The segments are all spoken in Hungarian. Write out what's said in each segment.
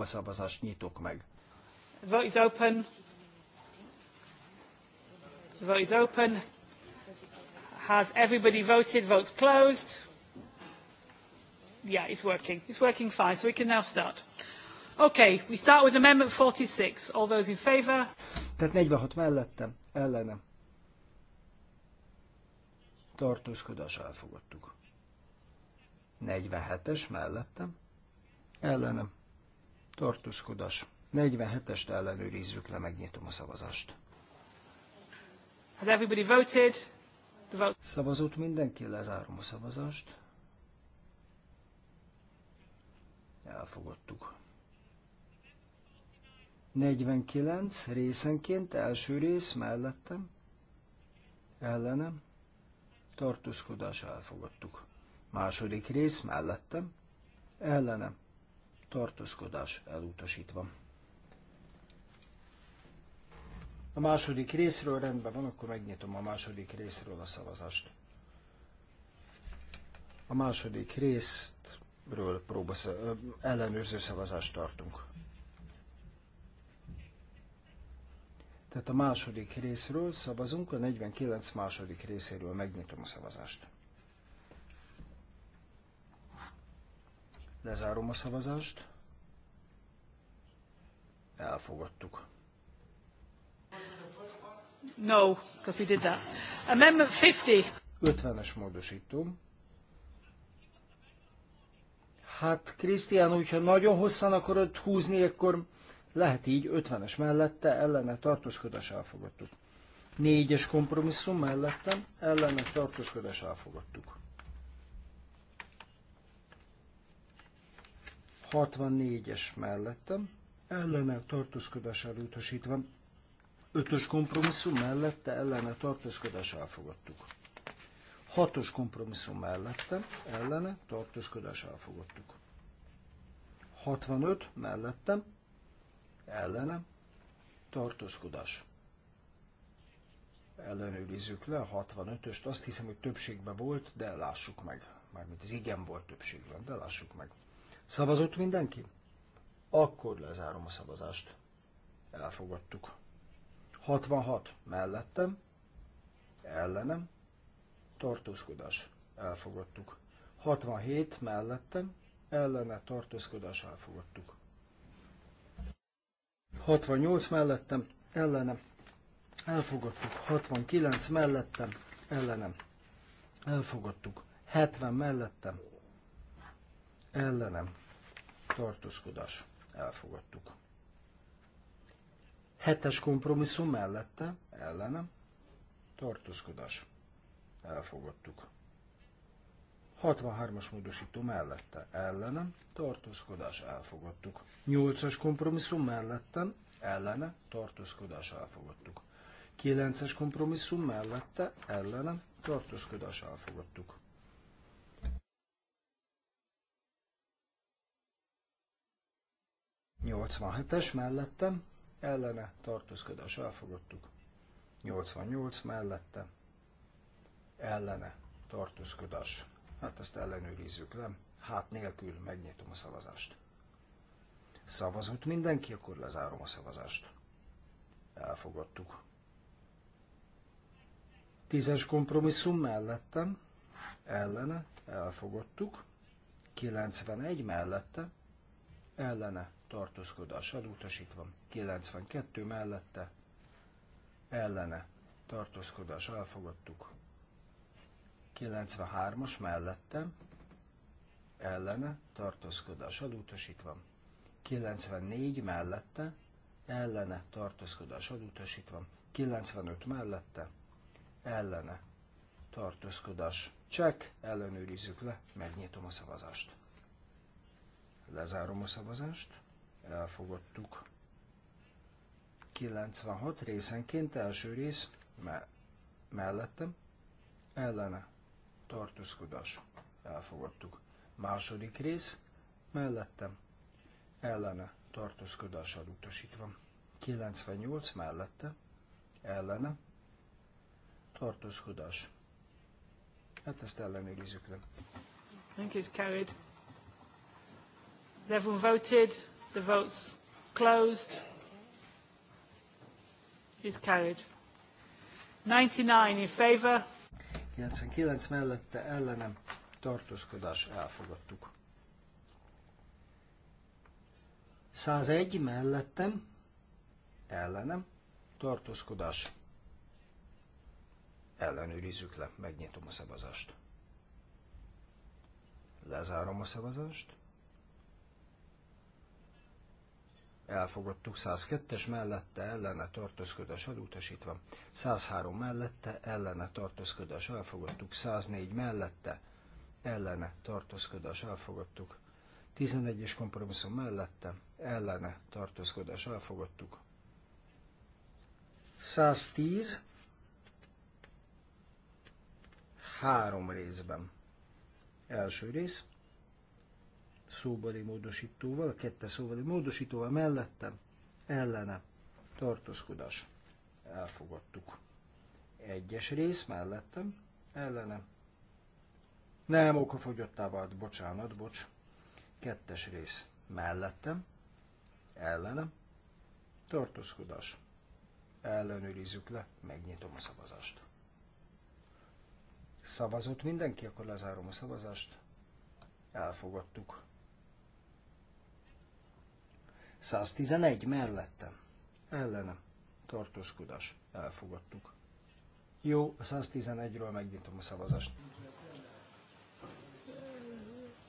a szavazást nyitok meg. The vote is open. The vote is open. Has everybody voted? Votes closed. Yeah, it's working. It's working fine, so we can now start. Okay, we start with Amendment 46. All those in favour? Tehát 46 mellettem, ellenem. Tartózkodás elfogadtuk. 47-es mellettem, ellenem tartózkodás. 47-est ellenőrizzük le, megnyitom a szavazást. Has everybody voted? The vote. Szavazott mindenki, lezárom a szavazást. Elfogadtuk. 49 részenként, első rész mellettem, ellenem, tartózkodás elfogadtuk. Második rész mellettem, ellenem, tartózkodás elutasítva. A második részről rendben van, akkor megnyitom a második részről a szavazást. A második részről próbasz, ellenőrző szavazást tartunk. Tehát a második részről szavazunk, a 49 második részéről megnyitom a szavazást. Lezárom a szavazást. Elfogadtuk. No, because we did that. Amendment 50. 50-es módosító. Hát, Krisztián, hogyha nagyon hosszan akarod húzni, akkor lehet így 50-es mellette, ellene tartózkodás elfogadtuk. 4-es kompromisszum mellettem, ellene tartózkodás elfogadtuk. 64-es mellettem, ellene tartózkodás elutasítva, 5-ös kompromisszum mellette ellene tartózkodás elfogadtuk. 6-os kompromisszum mellette ellene tartózkodás elfogadtuk. 65 mellettem ellene tartózkodás. Ellenőrizzük le a 65-öst, azt hiszem, hogy többségben volt, de lássuk meg. Mármint az igen volt többségben, de lássuk meg. Szavazott mindenki? Akkor lezárom a szavazást. Elfogadtuk. 66 mellettem, ellenem, tartózkodás. Elfogadtuk. 67 mellettem, ellene, tartózkodás. Elfogadtuk. 68 mellettem, ellenem, elfogadtuk. 69 mellettem, ellenem, elfogadtuk. 70 mellettem, ellenem, tartózkodás. Elfogadtuk. Hetes kompromisszum mellette, ellenem, tartózkodás. Elfogadtuk. 63-as módosító mellette, ellenem, tartózkodás. Elfogadtuk. 8-as kompromisszum mellettem, ellene, tartózkodás. Elfogadtuk. 9-es kompromisszum mellette, ellenem, tartózkodás. Elfogadtuk. 87-es mellettem, ellene tartózkodás elfogadtuk. 88 mellette, ellene tartózkodás. Hát ezt ellenőrizzük le. Hát nélkül megnyitom a szavazást. Szavazott mindenki, akkor lezárom a szavazást. Elfogadtuk. Tízes kompromisszum mellettem, ellene, elfogadtuk. 91 mellette, ellene tartózkodás elutasítva, 92 mellette ellene tartózkodás elfogadtuk, 93-as mellette ellene tartózkodás elutasítva, 94 mellette ellene tartózkodás elutasítva, 95 mellette ellene tartózkodás. Csak ellenőrizzük le, megnyitom a szavazást. Lezárom a szavazást. Elfogadtuk. 96 részenként első rész me- mellettem ellene tartózkodás. Elfogadtuk. Második rész mellettem ellene tartózkodással utasítva. 98 mellette ellene tartózkodás. Hát ezt ellenőrizzük le. Thank you, carried. Everyone voted? The vote's closed. It's carried. 99 in favour. 99 mellette ellenem tartózkodás elfogadtuk. 101 mellettem ellenem tartózkodás ellenőrizzük le, megnyitom a szavazást. Lezárom a szavazást. elfogadtuk, 102-es mellette ellene tartózkodás elutasítva, 103 mellette ellene tartózkodás elfogadtuk, 104 mellette ellene tartózkodás elfogadtuk, 11-es kompromisszum mellette ellene tartózkodás elfogadtuk, 110 három részben. Első rész szóbeli módosítóval, a kette szóbeli módosítóval mellettem, ellene, tartózkodás, elfogadtuk. Egyes rész mellettem, ellenem. Nem, okafogyottá vált, bocsánat, bocs. Kettes rész mellettem, ellenem, tartózkodás. Ellenőrizzük le, megnyitom a szavazást. Szavazott mindenki, akkor lezárom a szavazást. Elfogadtuk. 111 mellettem. Ellenem. Tartózkodás. Elfogadtuk. Jó, a 111-ről megnyitom a szavazást.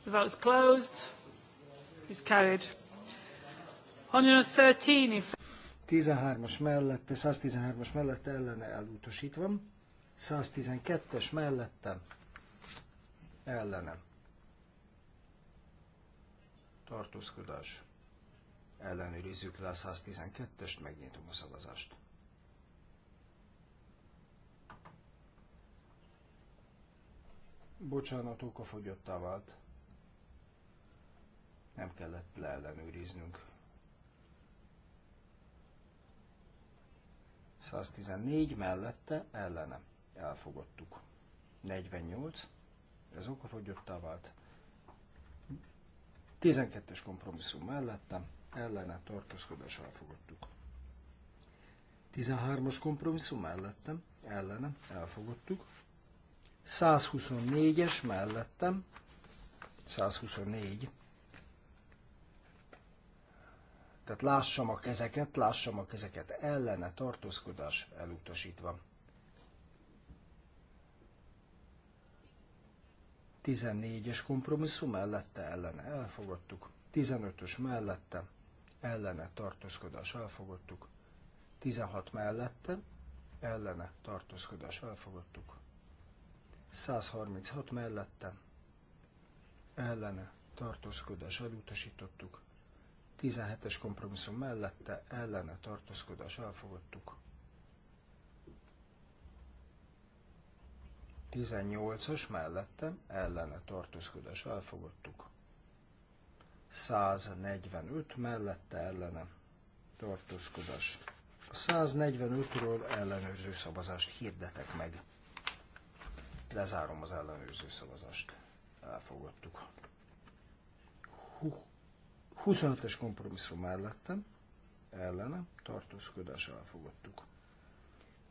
The vote's closed. It's carried. 113 13-as mellette, 113-as mellette ellene elutasítva, 112-es mellette ellene. Tartózkodás ellenőrizzük le a 112-est, megnyitom a szavazást. Bocsánat, fogyottá vált. Nem kellett leellenőriznünk. 114 mellette ellene. Elfogadtuk. 48. Ez okafogyottá vált. 12-es kompromisszum mellettem ellene tartózkodás elfogadtuk. 13-as kompromisszum mellettem, ellene elfogadtuk. 124-es mellettem, 124. Tehát lássam a kezeket, lássam a kezeket, ellene tartózkodás elutasítva. 14-es kompromisszum mellette ellene elfogadtuk, 15-ös mellette ellene tartózkodás elfogadtuk, 16 mellette ellene tartózkodás elfogadtuk, 136 mellette ellene tartózkodás elutasítottuk, 17-es kompromisszum mellette ellene tartózkodás elfogadtuk. 18-as mellette ellene tartózkodás elfogadtuk. 145 mellette ellene tartózkodás. A 145-ről ellenőrző szavazást hirdetek meg. Lezárom az ellenőrző szavazást. Elfogadtuk. 25-es kompromisszum mellettem, ellene, tartózkodás elfogadtuk.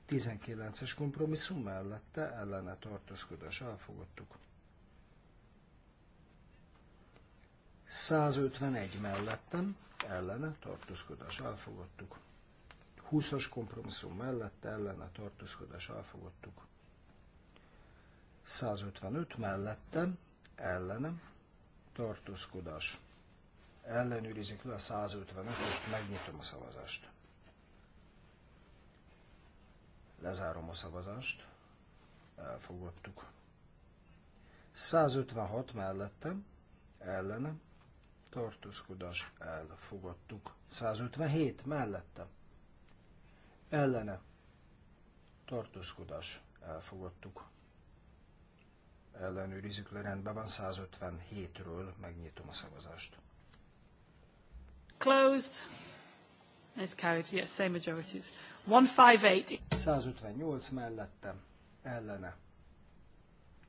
19-es kompromisszum mellette, ellene tartózkodás elfogadtuk. 151 mellettem, ellene tartózkodás elfogadtuk. 20-as kompromisszum mellette ellene tartózkodás elfogadtuk. 155 mellette ellenem, tartózkodás. Ellenőrizik le a 155-öst, megnyitom a szavazást. Lezárom a szavazást. Elfogadtuk. 156 mellettem, ellenem, tartózkodás elfogadtuk. 157 mellette ellene tartózkodás elfogadtuk. Ellenőrizzük le, rendben van 157-ről, megnyitom a szavazást. Closed. It's carried, yes, same majorities. 158. 158 mellette, ellene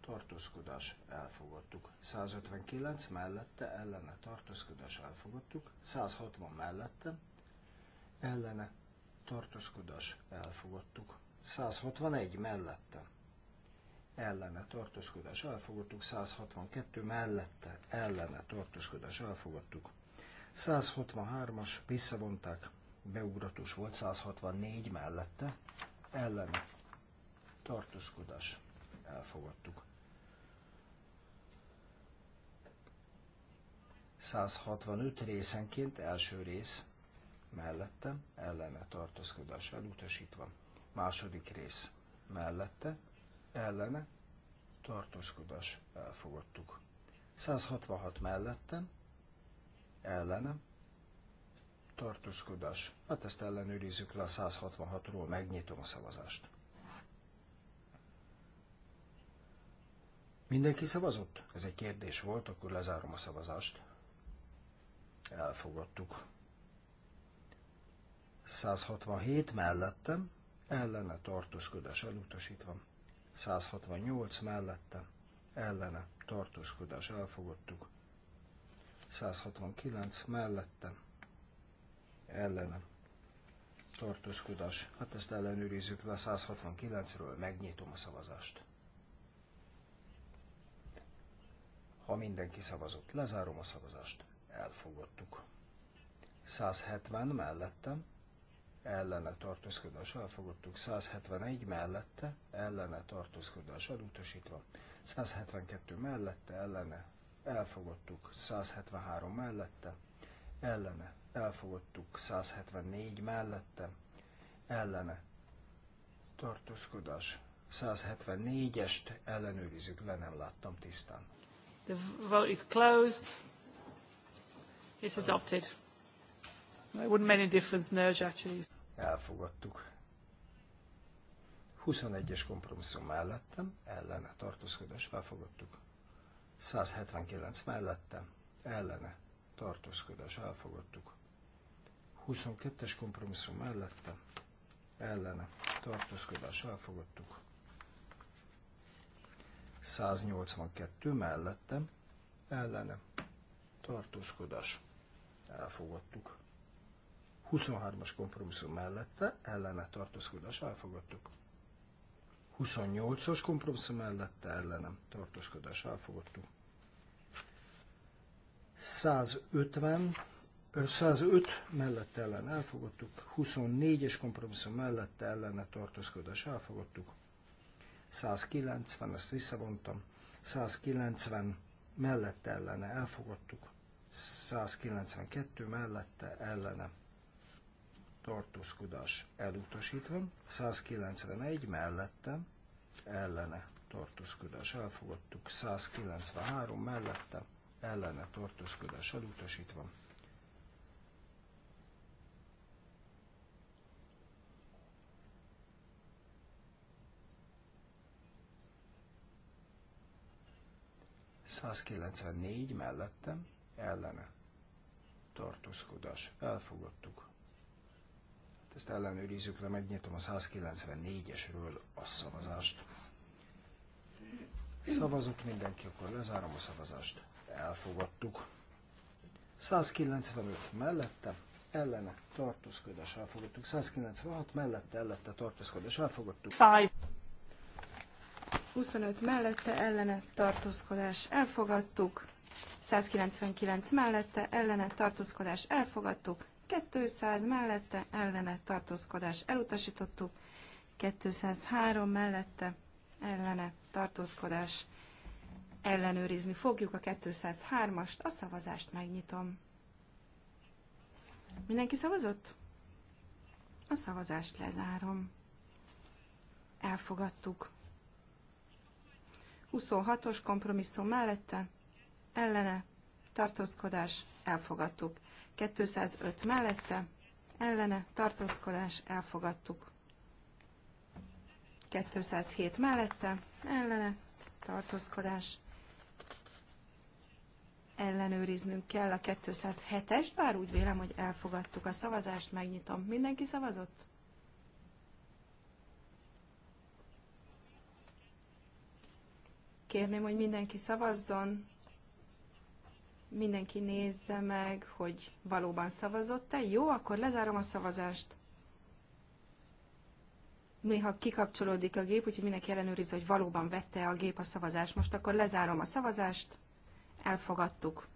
tartózkodás elfogadtuk. 159 mellette ellene tartózkodás elfogadtuk. 160 mellette ellene tartózkodás elfogadtuk. 161 mellette ellene tartózkodás elfogadtuk. 162 mellette ellene tartózkodás elfogadtuk. 163-as visszavonták, beugratós volt, 164 mellette ellene tartózkodás elfogadtuk. 165 részenként első rész mellette ellene tartózkodás elutasítva. Második rész mellette ellene tartózkodás elfogadtuk. 166 mellette ellene tartózkodás. Hát ezt ellenőrizzük le a 166-ról, megnyitom a szavazást. Mindenki szavazott? Ez egy kérdés volt, akkor lezárom a szavazást elfogadtuk. 167 mellettem, ellene tartózkodás elutasítva. 168 mellette, ellene tartózkodás elfogadtuk. 169 mellette, ellene tartózkodás. Hát ezt ellenőrizzük le 169-ről, megnyitom a szavazást. Ha mindenki szavazott, lezárom a szavazást elfogadtuk. 170 mellettem, ellene tartózkodás elfogadtuk, 171 mellette, ellene tartózkodás elutasítva, 172 mellette, ellene elfogadtuk, 173 mellette, ellene elfogadtuk, 174 mellette, ellene tartózkodás 174-est ellenőrizzük, le nem láttam tisztán. The vote is closed. It's adopted. It wouldn't make any difference, Nerj, actually. Elfogadtuk. 21-es kompromisszum mellettem, ellene tartózkodás elfogadtuk. 179 mellettem, ellene tartózkodás elfogadtuk. 22-es kompromisszum mellettem, ellene tartózkodás elfogadtuk. 182 mellettem, ellene tartózkodás elfogadtuk. 23-as kompromisszum mellette ellene tartózkodás elfogadtuk. 28-as kompromisszum mellette ellenem tartózkodás elfogadtuk. 150, 105 mellette ellen elfogadtuk, 24-es kompromisszum mellette ellene tartózkodás elfogadtuk, 190, ezt visszavontam, 190 mellette ellene elfogadtuk, 192 mellette ellene tartózkodás elutasítva, 191 mellette ellene tartózkodás elfogadtuk, 193 mellette ellene tartózkodás elutasítva. Százkilencvennégy mellettem, ellene tartózkodás. Elfogadtuk. Hát ezt ellenőrizzük le, megnyitom a 194-esről a szavazást. Szavazok mindenki, akkor lezárom a szavazást. Elfogadtuk. 195 mellette, ellene tartózkodás elfogadtuk. 196 mellette, ellette tartózkodás elfogadtuk. Five. 25 mellette, ellene tartózkodás elfogadtuk. 199 mellette ellene tartózkodás elfogadtuk, 200 mellette ellene tartózkodás elutasítottuk, 203 mellette ellene tartózkodás ellenőrizni fogjuk a 203-ast, a szavazást megnyitom. Mindenki szavazott? A szavazást lezárom. Elfogadtuk. 26-os kompromisszum mellette ellene, tartózkodás, elfogadtuk. 205 mellette, ellene, tartózkodás, elfogadtuk. 207 mellette, ellene, tartózkodás, ellenőriznünk kell a 207-est, bár úgy vélem, hogy elfogadtuk a szavazást, megnyitom. Mindenki szavazott? Kérném, hogy mindenki szavazzon. Mindenki nézze meg, hogy valóban szavazott-e. Jó, akkor lezárom a szavazást. Néha kikapcsolódik a gép, úgyhogy mindenki ellenőrizze, hogy valóban vette a gép a szavazást. Most akkor lezárom a szavazást. Elfogadtuk.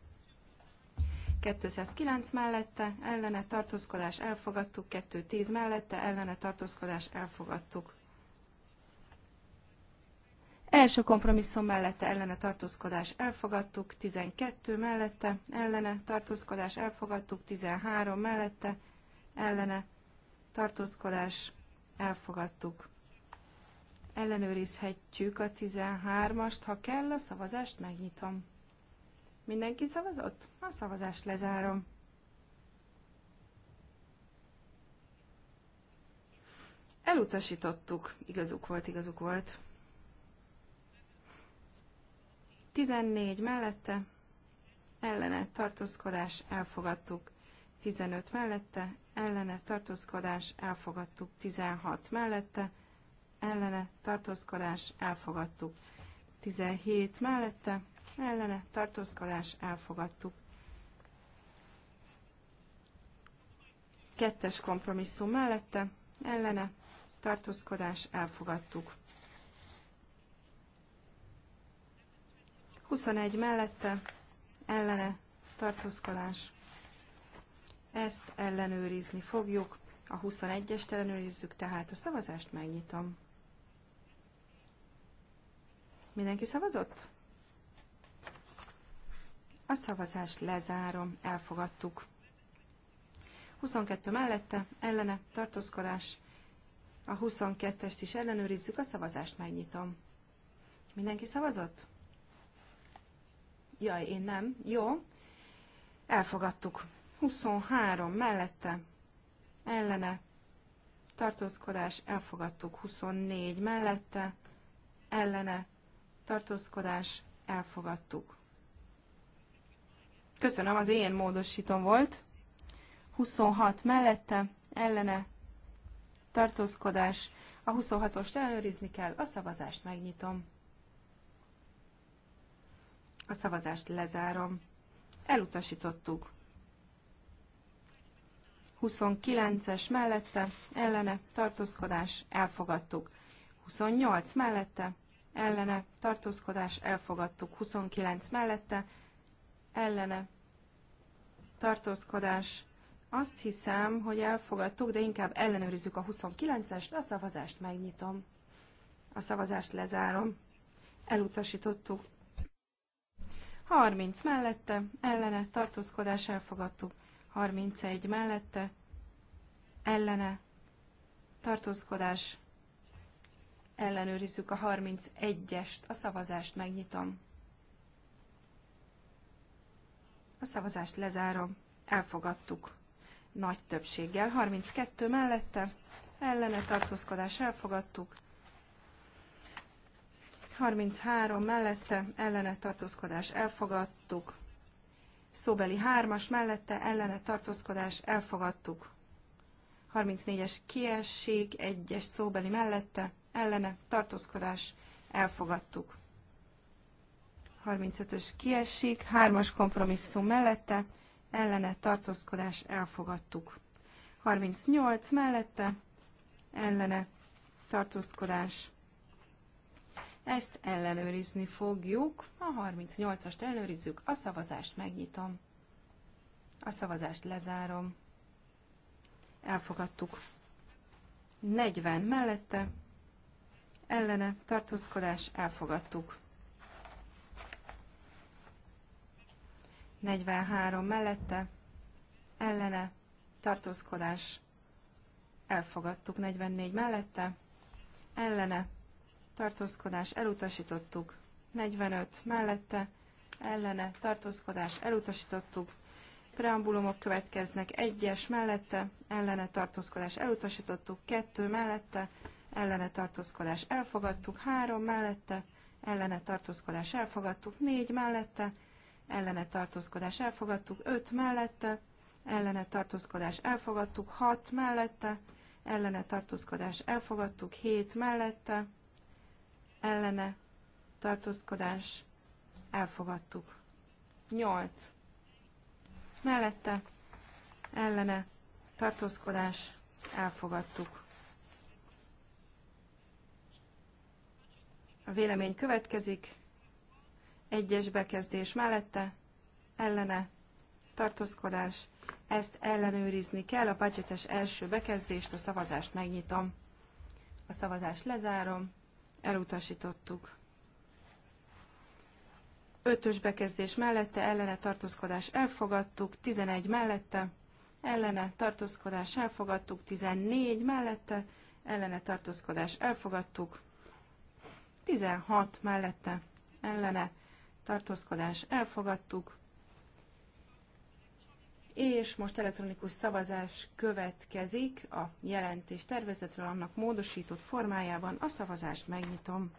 209 mellette, ellene tartózkodás elfogadtuk, 210 mellette, ellene tartózkodás elfogadtuk. Első kompromisszum mellette ellene tartózkodás elfogadtuk, 12 mellette ellene tartózkodás elfogadtuk, 13 mellette ellene tartózkodás elfogadtuk. Ellenőrizhetjük a 13-ast, ha kell, a szavazást megnyitom. Mindenki szavazott? A szavazást lezárom. Elutasítottuk. Igazuk volt, igazuk volt. 14 mellette, ellene tartózkodás elfogadtuk. 15 mellette, ellene tartózkodás elfogadtuk. 16 mellette, ellene tartózkodás elfogadtuk. 17 mellette, ellene tartózkodás elfogadtuk. Kettes kompromisszum mellette, ellene tartózkodás elfogadtuk. 21 mellette ellene tartózkodás. Ezt ellenőrizni fogjuk. A 21-est ellenőrizzük, tehát a szavazást megnyitom. Mindenki szavazott? A szavazást lezárom, elfogadtuk. 22 mellette, ellene, tartózkodás. A 22-est is ellenőrizzük, a szavazást megnyitom. Mindenki szavazott? Jaj, én nem. Jó. Elfogadtuk. 23 mellette, ellene, tartózkodás, elfogadtuk. 24 mellette, ellene, tartózkodás, elfogadtuk. Köszönöm, az én módosítom volt. 26 mellette, ellene, tartózkodás. A 26-ost ellenőrizni kell, a szavazást megnyitom. A szavazást lezárom. Elutasítottuk. 29-es mellette, ellene, tartózkodás, elfogadtuk. 28 mellette, ellene, tartózkodás, elfogadtuk. 29 mellette, ellene, tartózkodás. Azt hiszem, hogy elfogadtuk, de inkább ellenőrizzük a 29-est, a szavazást megnyitom. A szavazást lezárom. Elutasítottuk. 30 mellette, ellene, tartózkodás elfogadtuk. 31 mellette, ellene, tartózkodás, ellenőrizzük a 31-est, a szavazást megnyitom. A szavazást lezárom, elfogadtuk nagy többséggel. 32 mellette, ellene tartózkodás elfogadtuk, 33 mellette ellene tartózkodás elfogadtuk. Szóbeli 3-as mellette ellene tartózkodás elfogadtuk. 34-es kiesség, 1-es szóbeli mellette ellene tartózkodás elfogadtuk. 35-ös kiesség, 3-as kompromisszum mellette ellene tartózkodás elfogadtuk. 38 mellette ellene tartózkodás ezt ellenőrizni fogjuk. A 38-ast ellenőrizzük, a szavazást megnyitom. A szavazást lezárom. Elfogadtuk. 40 mellette, ellene, tartózkodás, elfogadtuk. 43 mellette, ellene, tartózkodás, elfogadtuk. 44 mellette, ellene, tartózkodás elutasítottuk, 45 mellette, ellene, tartózkodás elutasítottuk, preambulumok következnek, egyes mellette, ellene tartózkodás elutasítottuk, kettő mellette, ellene tartózkodás elfogadtuk, három mellette, ellene tartózkodás elfogadtuk, négy mellette, ellene tartózkodás elfogadtuk, öt mellette, ellene tartózkodás elfogadtuk, hat mellette, ellene tartózkodás elfogadtuk, hét mellette, ellene tartózkodás elfogadtuk. 8. Mellette ellene tartózkodás elfogadtuk. A vélemény következik. Egyes bekezdés mellette ellene tartózkodás. Ezt ellenőrizni kell. A budgetes első bekezdést, a szavazást megnyitom. A szavazást lezárom elutasítottuk. Ötös bekezdés mellette, ellene tartózkodás elfogadtuk, 11 mellette, ellene tartózkodás elfogadtuk, 14 mellette, ellene tartózkodás elfogadtuk, 16 mellette, ellene tartózkodás elfogadtuk, és most elektronikus szavazás következik a jelentés tervezetről annak módosított formájában. A szavazást megnyitom.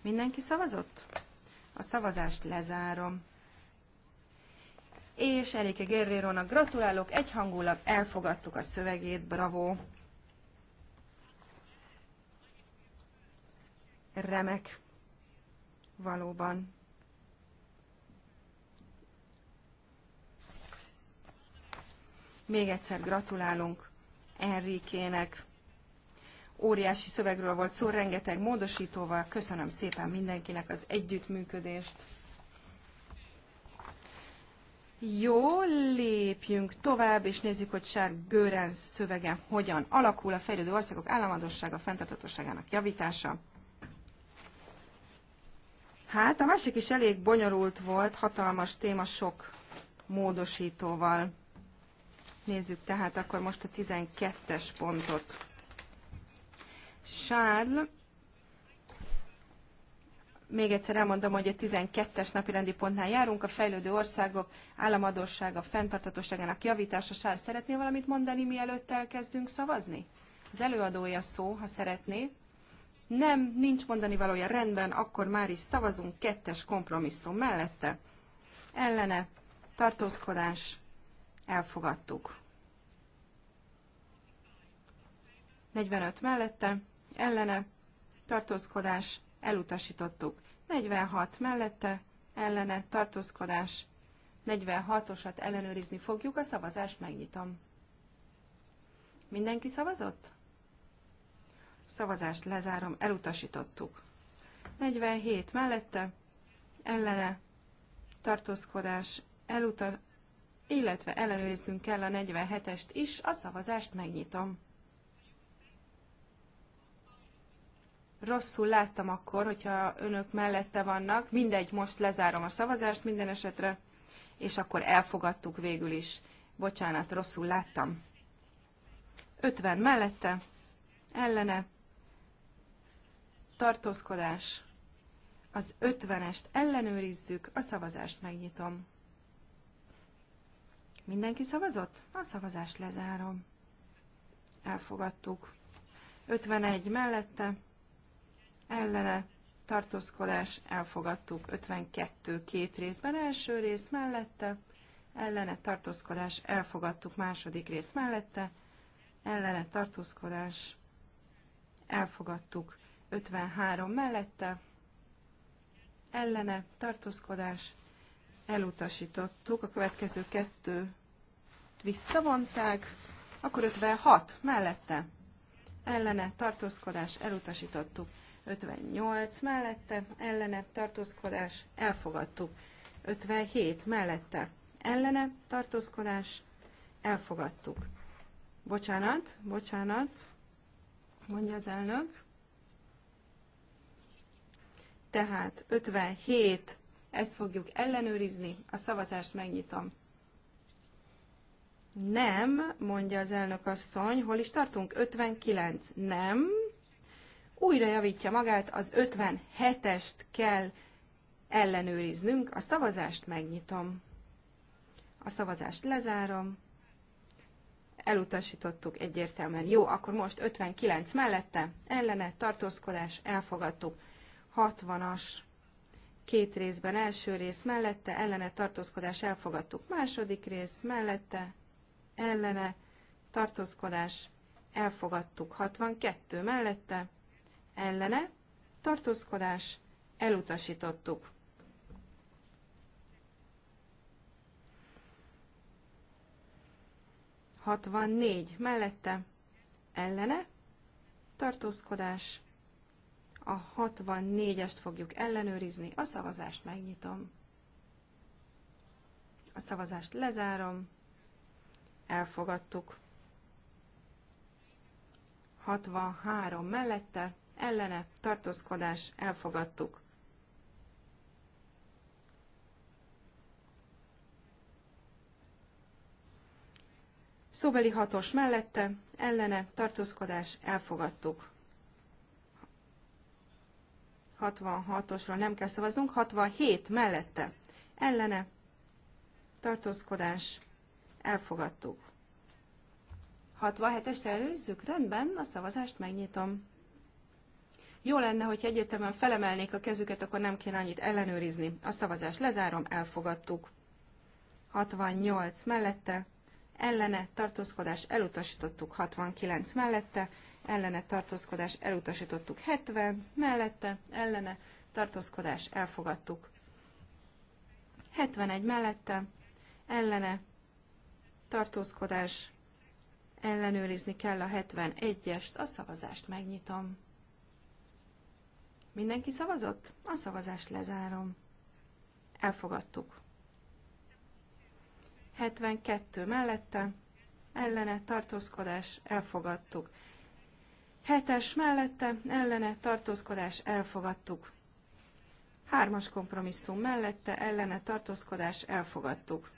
Mindenki szavazott? A szavazást lezárom. És Elike Gerrérónak gratulálok, egyhangulag elfogadtuk a szövegét, bravo! Remek, valóban. Még egyszer gratulálunk Enrikének. Óriási szövegről volt szó, rengeteg módosítóval. Köszönöm szépen mindenkinek az együttműködést. Jó, lépjünk tovább, és nézzük, hogy Sár Görenc szövegen hogyan alakul a fejlődő országok államadossága, fenntartatosságának javítása. Hát, a másik is elég bonyolult volt, hatalmas téma sok módosítóval. Nézzük tehát akkor most a 12-es pontot. Sárl, még egyszer elmondom, hogy a 12-es napi rendi pontnál járunk, a fejlődő országok államadósága fenntartatóságának javítása. Sárl, szeretné valamit mondani, mielőtt elkezdünk szavazni? Az előadója szó, ha szeretné. Nem, nincs mondani valója rendben, akkor már is szavazunk kettes kompromisszum mellette. Ellene, tartózkodás, Elfogadtuk. 45 mellette, ellene, tartózkodás, elutasítottuk. 46 mellette, ellene, tartózkodás, 46-osat ellenőrizni fogjuk, a szavazást megnyitom. Mindenki szavazott? Szavazást lezárom, elutasítottuk. 47 mellette, ellene, tartózkodás, eluta, illetve ellenőriznünk kell a 47-est is, a szavazást megnyitom. Rosszul láttam akkor, hogyha önök mellette vannak, mindegy, most lezárom a szavazást minden esetre, és akkor elfogadtuk végül is. Bocsánat, rosszul láttam. 50 mellette, ellene, tartózkodás. Az 50-est ellenőrizzük, a szavazást megnyitom. Mindenki szavazott? A szavazást lezárom. Elfogadtuk. 51 mellette, ellene, tartózkodás, elfogadtuk. 52 két részben, első rész mellette, ellene, tartózkodás, elfogadtuk. Második rész mellette, ellene, tartózkodás, elfogadtuk. 53 mellette, ellene, tartózkodás, elutasítottuk, a következő kettőt visszavonták, akkor 56 mellette ellene tartózkodás elutasítottuk, 58 mellette ellene tartózkodás elfogadtuk, 57 mellette ellene tartózkodás elfogadtuk. Bocsánat, bocsánat, mondja az elnök. Tehát 57 ezt fogjuk ellenőrizni, a szavazást megnyitom. Nem, mondja az elnök asszony, hol is tartunk? 59. Nem. Újra javítja magát, az 57-est kell ellenőriznünk. A szavazást megnyitom. A szavazást lezárom. Elutasítottuk egyértelműen. Jó, akkor most 59 mellette, ellene, tartózkodás, elfogadtuk. 60-as két részben, első rész mellette, ellene tartózkodás elfogadtuk, második rész mellette, ellene tartózkodás elfogadtuk, 62 mellette, ellene tartózkodás elutasítottuk. Hatvannégy mellette, ellene tartózkodás a 64-est fogjuk ellenőrizni. A szavazást megnyitom. A szavazást lezárom. Elfogadtuk. 63 mellette, ellene, tartózkodás, elfogadtuk. Szóbeli hatos mellette, ellene, tartózkodás, elfogadtuk. 66-osról nem kell szavaznunk, 67 mellette. Ellene. Tartózkodás. Elfogadtuk. 67-est előzzük? Rendben, a szavazást megnyitom. Jó lenne, hogy egyértelműen felemelnék a kezüket, akkor nem kéne annyit ellenőrizni. A szavazást lezárom, elfogadtuk. 68 mellette, ellene, tartózkodás elutasítottuk 69 mellette, ellene tartózkodás elutasítottuk 70, mellette ellene tartózkodás elfogadtuk 71 mellette ellene tartózkodás ellenőrizni kell a 71-est, a szavazást megnyitom. Mindenki szavazott? A szavazást lezárom. Elfogadtuk. 72 mellette, ellene tartózkodás, elfogadtuk. Hetes mellette ellene tartózkodás elfogadtuk. Hármas kompromisszum mellette ellene tartózkodás elfogadtuk.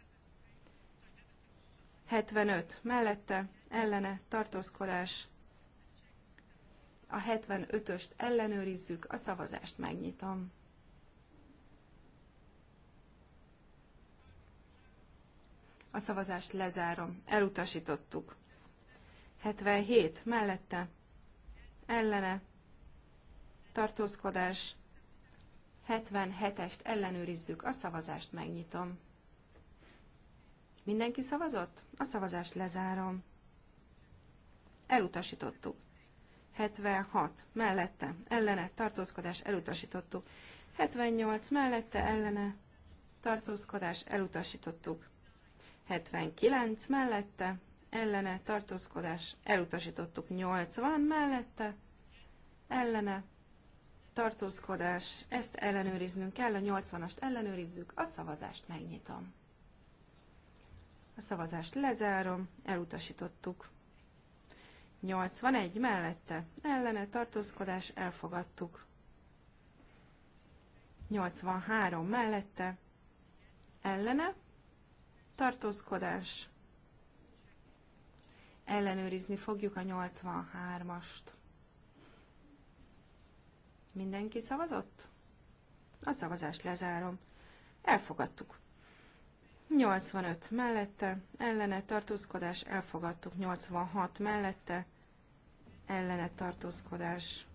75 mellette ellene tartózkodás. A 75-öst ellenőrizzük, a szavazást megnyitom. A szavazást lezárom. Elutasítottuk. 77 mellette ellene, tartózkodás, 77-est ellenőrizzük, a szavazást megnyitom. Mindenki szavazott? A szavazást lezárom. Elutasítottuk. 76 mellette, ellene, tartózkodás, elutasítottuk. 78 mellette, ellene, tartózkodás, elutasítottuk. 79 mellette, ellene tartózkodás elutasítottuk 80 mellette, ellene tartózkodás, ezt ellenőriznünk kell, a 80-ast ellenőrizzük, a szavazást megnyitom. A szavazást lezárom, elutasítottuk. 81 mellette, ellene tartózkodás, elfogadtuk. 83 mellette, ellene tartózkodás, ellenőrizni fogjuk a 83-ast. Mindenki szavazott? A szavazást lezárom. Elfogadtuk. 85 mellette, ellene tartózkodás, elfogadtuk. 86 mellette, ellene tartózkodás.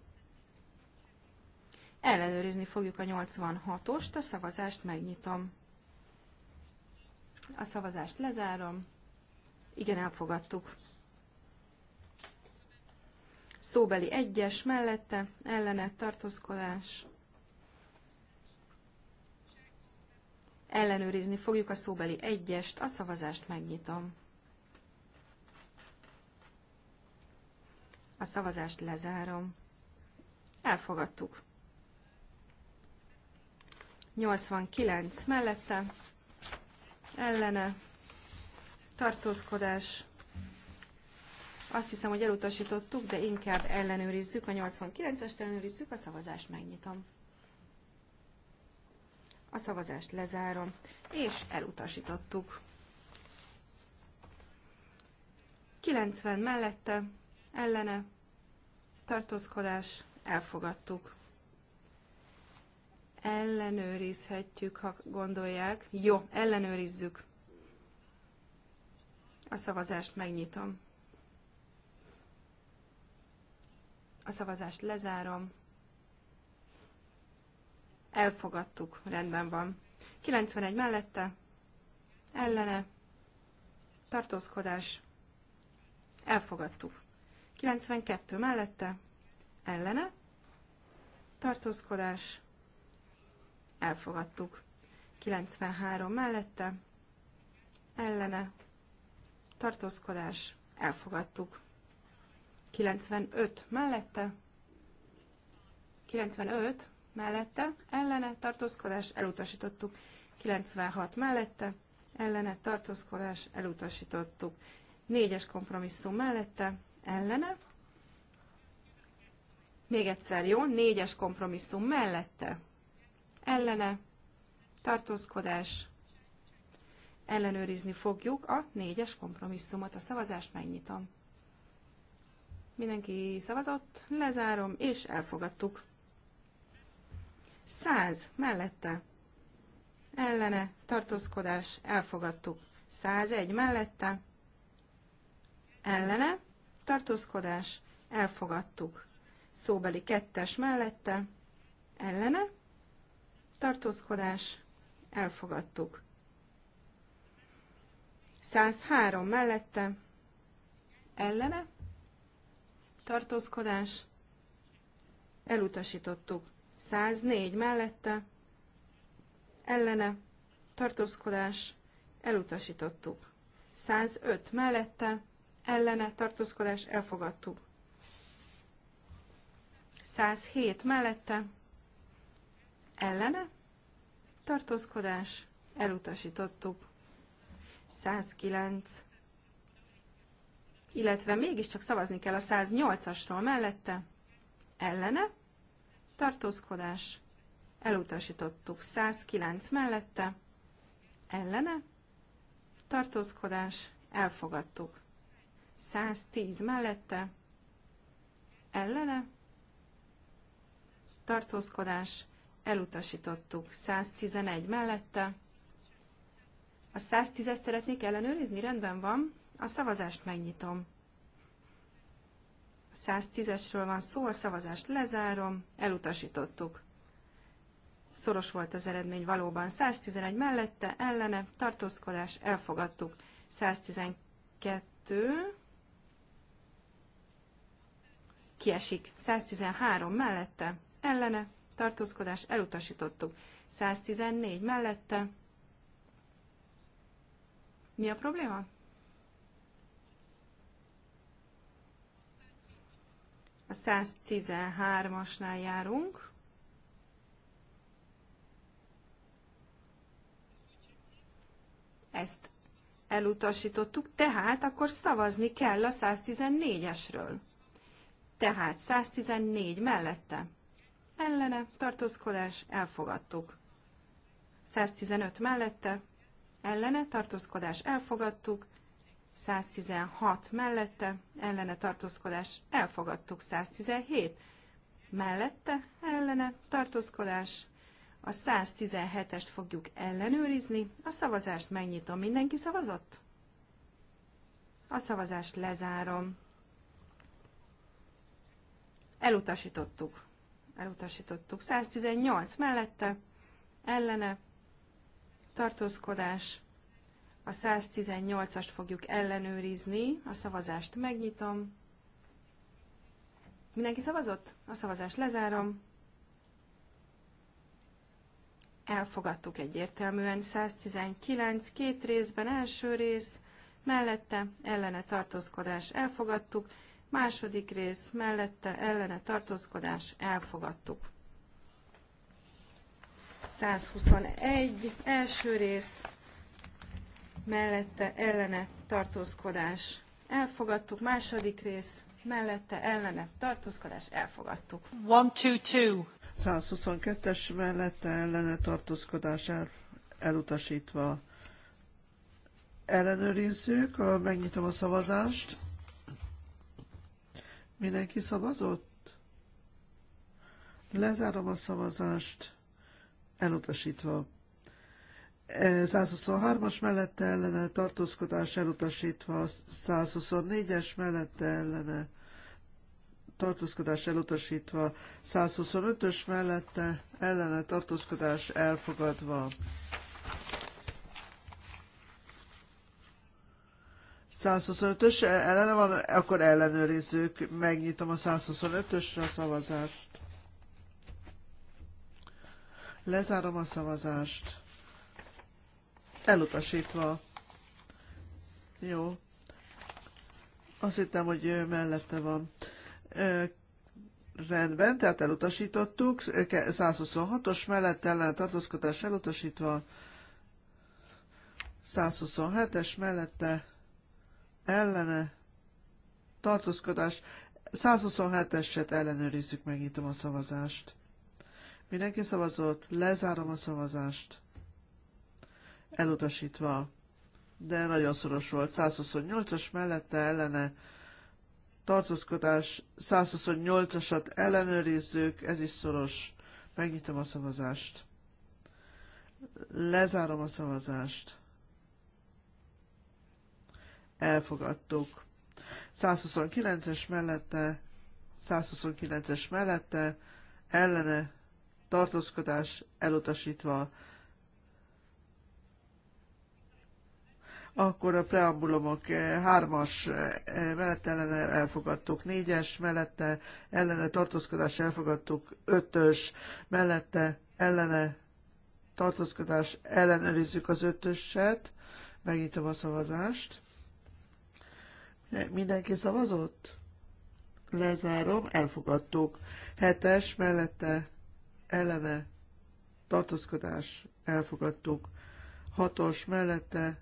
Ellenőrizni fogjuk a 86-ost, a szavazást megnyitom. A szavazást lezárom. Igen, elfogadtuk. Szóbeli egyes mellette, ellene tartózkodás. Ellenőrizni fogjuk a szóbeli egyest, a szavazást megnyitom. A szavazást lezárom. Elfogadtuk. 89 mellette, ellene, tartózkodás, azt hiszem, hogy elutasítottuk, de inkább ellenőrizzük, a 89-est ellenőrizzük, a szavazást megnyitom. A szavazást lezárom, és elutasítottuk. 90 mellette, ellene, tartózkodás, elfogadtuk. Ellenőrizhetjük, ha gondolják. Jó, ellenőrizzük. A szavazást megnyitom. A szavazást lezárom. Elfogadtuk, rendben van. 91 mellette, ellene, tartózkodás, elfogadtuk. 92 mellette, ellene, tartózkodás, elfogadtuk. 93 mellette, ellene, tartózkodás, elfogadtuk. 95 mellette, 95 mellette, ellene tartózkodás elutasítottuk, 96 mellette, ellene tartózkodás elutasítottuk, 4-es kompromisszum mellette, ellene, még egyszer jó, 4-es kompromisszum mellette, ellene, tartózkodás, ellenőrizni fogjuk a 4-es kompromisszumot, a szavazást megnyitom. Mindenki szavazott, lezárom, és elfogadtuk. 100 mellette, ellene, tartózkodás, elfogadtuk. 101 mellette, ellene, tartózkodás, elfogadtuk. Szóbeli kettes mellette, ellene, tartózkodás, elfogadtuk. 103 mellette, ellene, tartózkodás, elutasítottuk. 104 mellette, ellene, tartózkodás, elutasítottuk. 105 mellette, ellene, tartózkodás, elfogadtuk. 107 mellette, ellene, tartózkodás, elutasítottuk. 109 illetve mégiscsak szavazni kell a 108-asról mellette, ellene, tartózkodás, elutasítottuk 109 mellette, ellene, tartózkodás, elfogadtuk 110 mellette, ellene, tartózkodás, elutasítottuk 111 mellette. A 110-et szeretnék ellenőrizni, rendben van. A szavazást megnyitom. 110-esről van szó, a szavazást lezárom, elutasítottuk. Szoros volt az eredmény valóban. 111 mellette, ellene, tartózkodás, elfogadtuk. 112 kiesik. 113 mellette, ellene, tartózkodás, elutasítottuk. 114 mellette. Mi a probléma? 113-asnál járunk. Ezt elutasítottuk, tehát akkor szavazni kell a 114-esről. Tehát 114 mellette. Ellene, tartózkodás, elfogadtuk. 115 mellette, ellene, tartózkodás, elfogadtuk. 116 mellette, ellene tartózkodás elfogadtuk 117 mellette, ellene tartózkodás. A 117-est fogjuk ellenőrizni. A szavazást megnyitom. Mindenki szavazott? A szavazást lezárom. Elutasítottuk. Elutasítottuk. 118 mellette, ellene, tartózkodás, a 118-ast fogjuk ellenőrizni, a szavazást megnyitom. Mindenki szavazott? A szavazást lezárom. Elfogadtuk egyértelműen 119, két részben első rész, mellette ellene tartózkodás elfogadtuk, második rész mellette ellene tartózkodás elfogadtuk. 121, első rész mellette ellene tartózkodás elfogadtuk, második rész mellette ellene tartózkodás elfogadtuk. 122. es mellette ellene tartózkodás el, elutasítva. Ellenőrizzük, megnyitom a szavazást. Mindenki szavazott? Lezárom a szavazást, elutasítva. 123-as mellette ellene tartózkodás elutasítva, 124-es mellette ellene tartózkodás elutasítva, 125-ös mellette ellene tartózkodás elfogadva. 125-ös ellene van, akkor ellenőrizzük, megnyitom a 125-ösre a szavazást. Lezárom a szavazást. Elutasítva. Jó. Azt hittem, hogy mellette van. Rendben, tehát elutasítottuk. 126-os mellett ellen tartózkodás elutasítva. 127-es mellette ellene tartózkodás. 127-eset ellenőrizzük, megnyitom a szavazást. Mindenki szavazott, lezárom a szavazást elutasítva, de nagyon szoros volt. 128-as mellette ellene tartózkodás, 128-asat ellenőrizzük, ez is szoros. Megnyitom a szavazást. Lezárom a szavazást. Elfogadtuk. 129-es mellette, 129-es mellette, ellene tartózkodás elutasítva. akkor a preambulumok eh, hármas eh, mellette ellene elfogadtuk, négyes mellette ellene tartózkodás elfogadtuk, ötös mellette ellene tartózkodás ellenőrizzük az ötöset, megnyitom a szavazást. Mindenki szavazott? Lezárom, elfogadtuk. Hetes mellette ellene tartózkodás elfogadtuk. Hatos mellette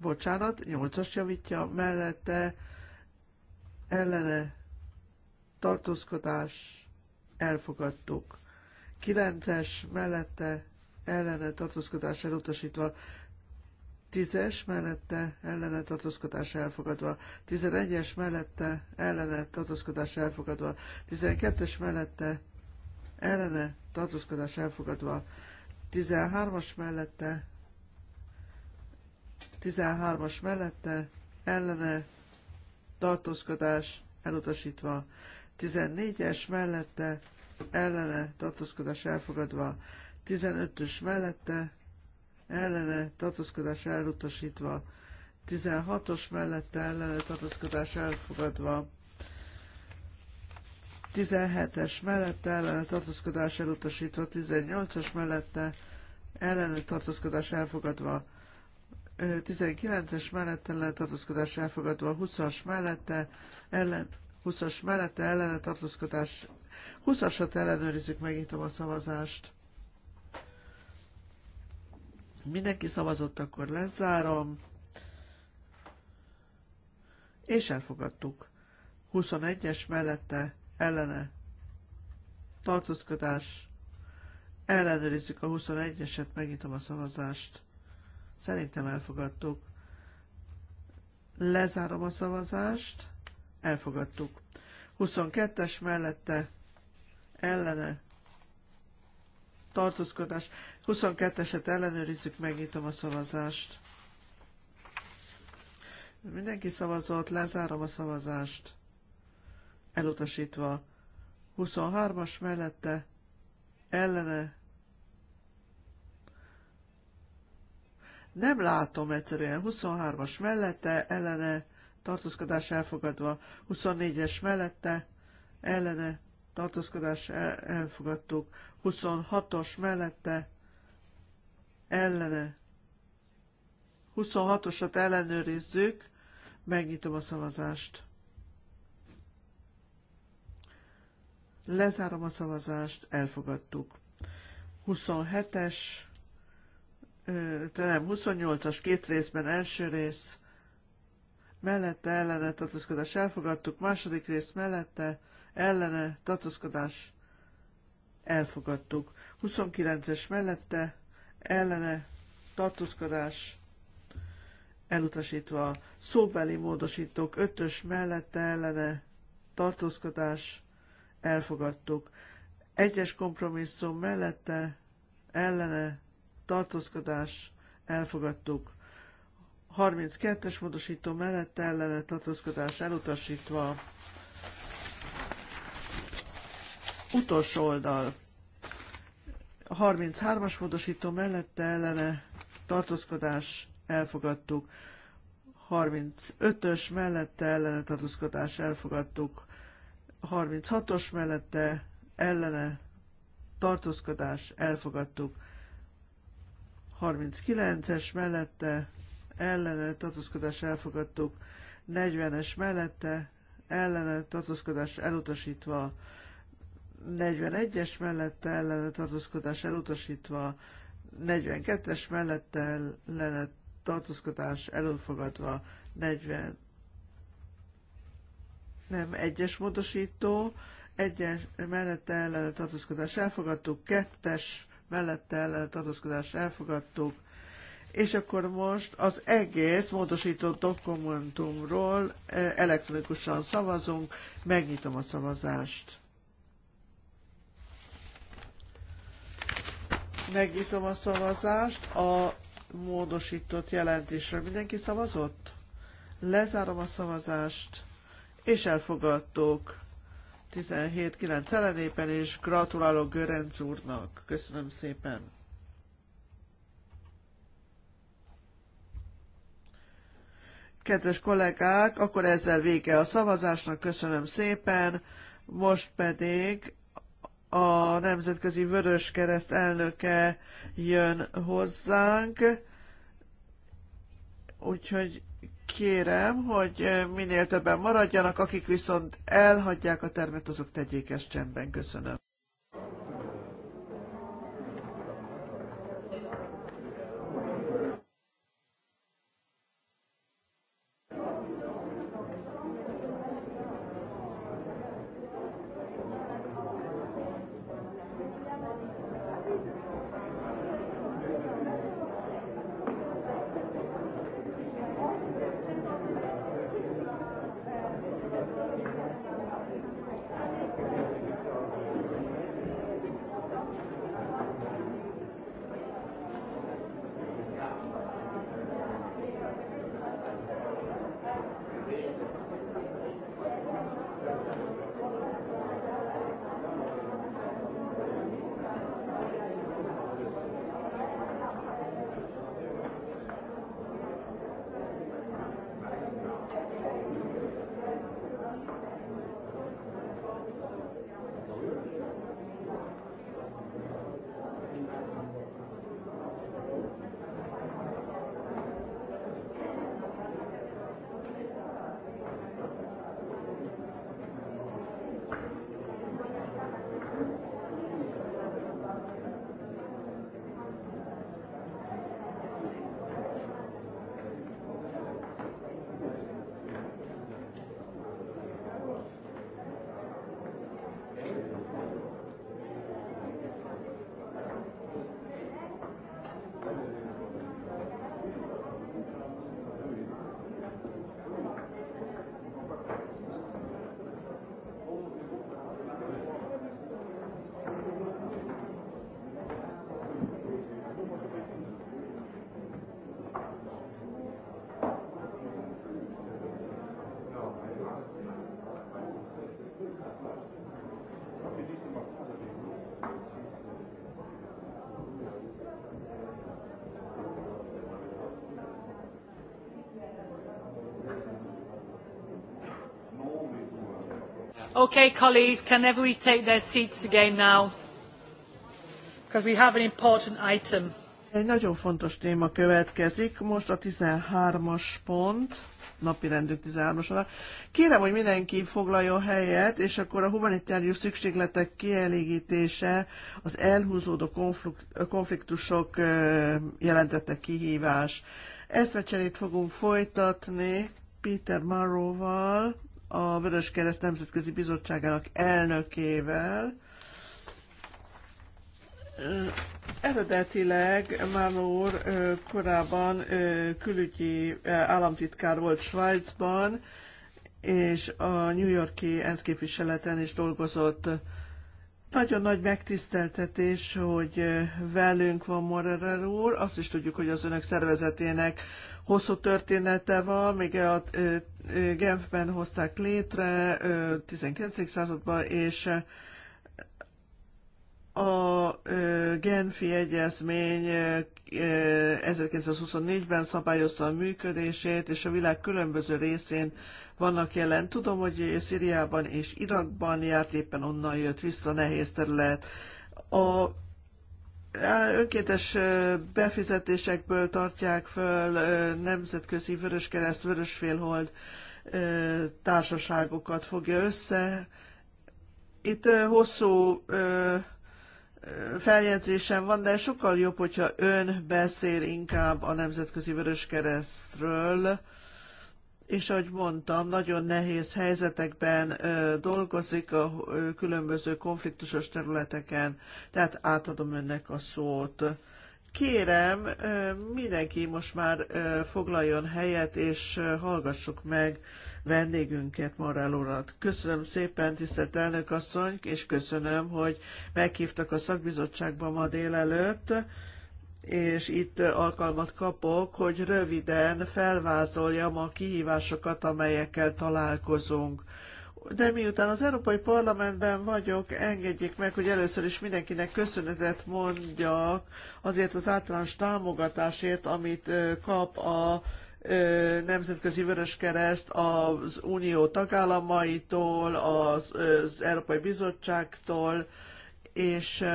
bocsánat, 8-as javítja, mellette ellene tartózkodás elfogadtuk. 9-es mellette ellene tartózkodás elutasítva, 10-es mellette ellene tartózkodás elfogadva, 11-es mellette ellene tartózkodás elfogadva, 12-es mellette ellene tartózkodás elfogadva, 13-as mellette 13-as mellette ellene tartózkodás elutasítva, 14-es mellette ellene tartózkodás elfogadva, 15-ös mellette ellene tartózkodás elutasítva, 16-os mellette ellene tartózkodás elfogadva, 17-es mellette ellene tartózkodás elutasítva, 18-as mellette ellene tartózkodás elfogadva, 19-es mellette ellentartózkodás elfogadva, 20-as mellette ellen, 20-as mellette ellentartózkodás, 20-asat ellenőrizzük, megnyitom a szavazást. Mindenki szavazott, akkor lezárom. És elfogadtuk. 21-es mellette ellene tartózkodás. Ellenőrizzük a 21-eset, megnyitom a szavazást. Szerintem elfogadtuk. Lezárom a szavazást. Elfogadtuk. 22-es mellette ellene tartózkodás. 22-eset ellenőrizzük, megnyitom a szavazást. Mindenki szavazott, lezárom a szavazást. Elutasítva. 23-as mellette ellene Nem látom egyszerűen 23-as mellette, ellene tartózkodás elfogadva, 24-es mellette, ellene tartózkodás elfogadtuk, 26-os mellette, ellene. 26-osat ellenőrizzük, megnyitom a szavazást. Lezárom a szavazást, elfogadtuk. 27-es terem 28-as két részben első rész mellette ellene tartózkodás elfogadtuk, második rész mellette ellene tartózkodás elfogadtuk. 29-es mellette ellene tartózkodás elutasítva szóbeli módosítók 5-ös mellette ellene tartózkodás elfogadtuk. Egyes kompromisszum mellette ellene tartózkodás elfogadtuk. 32-es módosító mellett ellene tartózkodás elutasítva. Utolsó oldal. 33-as módosító mellette ellene tartózkodás elfogadtuk. 35-ös mellette ellene tartózkodás elfogadtuk. 36-os mellette ellene tartózkodás elfogadtuk. 39-es mellette ellene tartózkodás elfogadtuk, 40-es mellette ellene tartózkodás elutasítva, 41-es mellette ellene tartózkodás elutasítva, 42-es mellette ellene tartózkodás elfogadva, 40 nem egyes módosító, egyes mellette ellene tartózkodás elfogadtuk, kettes mellette a tartózkodást elfogadtuk. És akkor most az egész módosított dokumentumról eh, elektronikusan szavazunk. Megnyitom a szavazást. Megnyitom a szavazást a módosított jelentésre. Mindenki szavazott? Lezárom a szavazást, és elfogadtuk. 17-9 ellenében, és gratulálok Görenc úrnak. Köszönöm szépen! Kedves kollégák, akkor ezzel vége a szavazásnak, köszönöm szépen. Most pedig a Nemzetközi Vörös Kereszt elnöke jön hozzánk, úgyhogy kérem, hogy minél többen maradjanak, akik viszont elhagyják a termet, azok tegyék ezt csendben. Köszönöm. Okay, colleagues, can everybody take their seats again now? Because we have an important item. Egy nagyon fontos téma következik, most a 13-as pont, napi rendünk 13-as Kérem, hogy mindenki foglaljon helyet, és akkor a humanitárius szükségletek kielégítése az elhúzódó konfliktusok jelentette kihívás. cserét fogunk folytatni Peter Marrow-val, a Kereszt Nemzetközi Bizottságának elnökével. Eredetileg Máló úr korábban külügyi államtitkár volt Svájcban, és a New Yorki ENSZ képviseleten is dolgozott. Nagyon nagy megtiszteltetés, hogy velünk van Morerer úr. Azt is tudjuk, hogy az önök szervezetének hosszú története van, még a Genfben hozták létre 19. században, és a Genfi Egyezmény 1924-ben szabályozta a működését, és a világ különböző részén vannak jelen. Tudom, hogy Szíriában és Irakban járt, éppen onnan jött vissza, nehéz terület. A önkéntes befizetésekből tartják föl nemzetközi Vöröskereszt, Vörösfélhold társaságokat fogja össze. Itt hosszú feljegyzésem van, de sokkal jobb, hogyha ön beszél inkább a Nemzetközi Vöröskeresztről, és ahogy mondtam, nagyon nehéz helyzetekben dolgozik a különböző konfliktusos területeken, tehát átadom önnek a szót. Kérem, mindenki most már foglaljon helyet, és hallgassuk meg vendégünket, Marál urat. Köszönöm szépen, tisztelt elnök asszony, és köszönöm, hogy meghívtak a szakbizottságba ma délelőtt és itt alkalmat kapok, hogy röviden felvázoljam a kihívásokat, amelyekkel találkozunk. De miután az Európai Parlamentben vagyok, engedjék meg, hogy először is mindenkinek köszönetet mondjak azért az általános támogatásért, amit kap a Nemzetközi Vöröskereszt az Unió tagállamaitól, az, az Európai Bizottságtól, és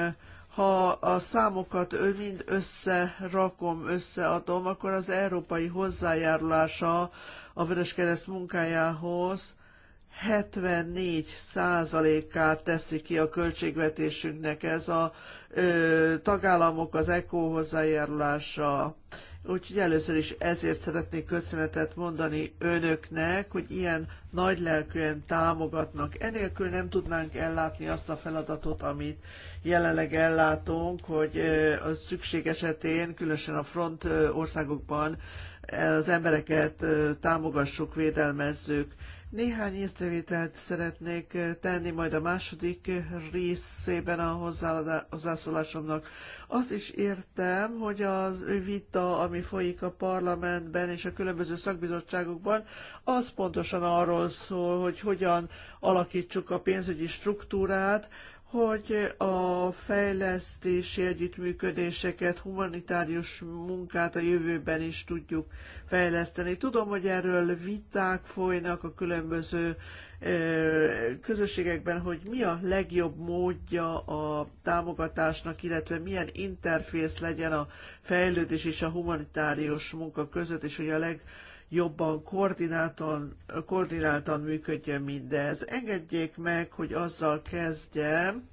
ha a számokat mind összerakom, összeadom, akkor az európai hozzájárulása a Vöröskereszt munkájához 74 százalékát teszi ki a költségvetésünknek ez a ö, tagállamok az ECO hozzájárulása. Úgyhogy először is ezért szeretnék köszönetet mondani önöknek, hogy ilyen nagylelkűen támogatnak. Enélkül nem tudnánk ellátni azt a feladatot, amit jelenleg ellátunk, hogy a szükség esetén, különösen a front országokban az embereket támogassuk, védelmezzük. Néhány észrevételt szeretnék eh, tenni majd a második eh, részében a hozzászólásomnak. Azt is értem, hogy az vita, ami folyik a parlamentben és a különböző szakbizottságokban, az pontosan arról szól, hogy hogyan alakítsuk a pénzügyi struktúrát, hogy a fejlesztési együttműködéseket, humanitárius munkát a jövőben is tudjuk fejleszteni. Tudom, hogy erről viták folynak a különböző közösségekben, hogy mi a legjobb módja a támogatásnak, illetve milyen interfész legyen a fejlődés és a humanitárius munka között, és hogy a leg jobban koordináltan, koordináltan működjön mindez. Engedjék meg, hogy azzal kezdjem,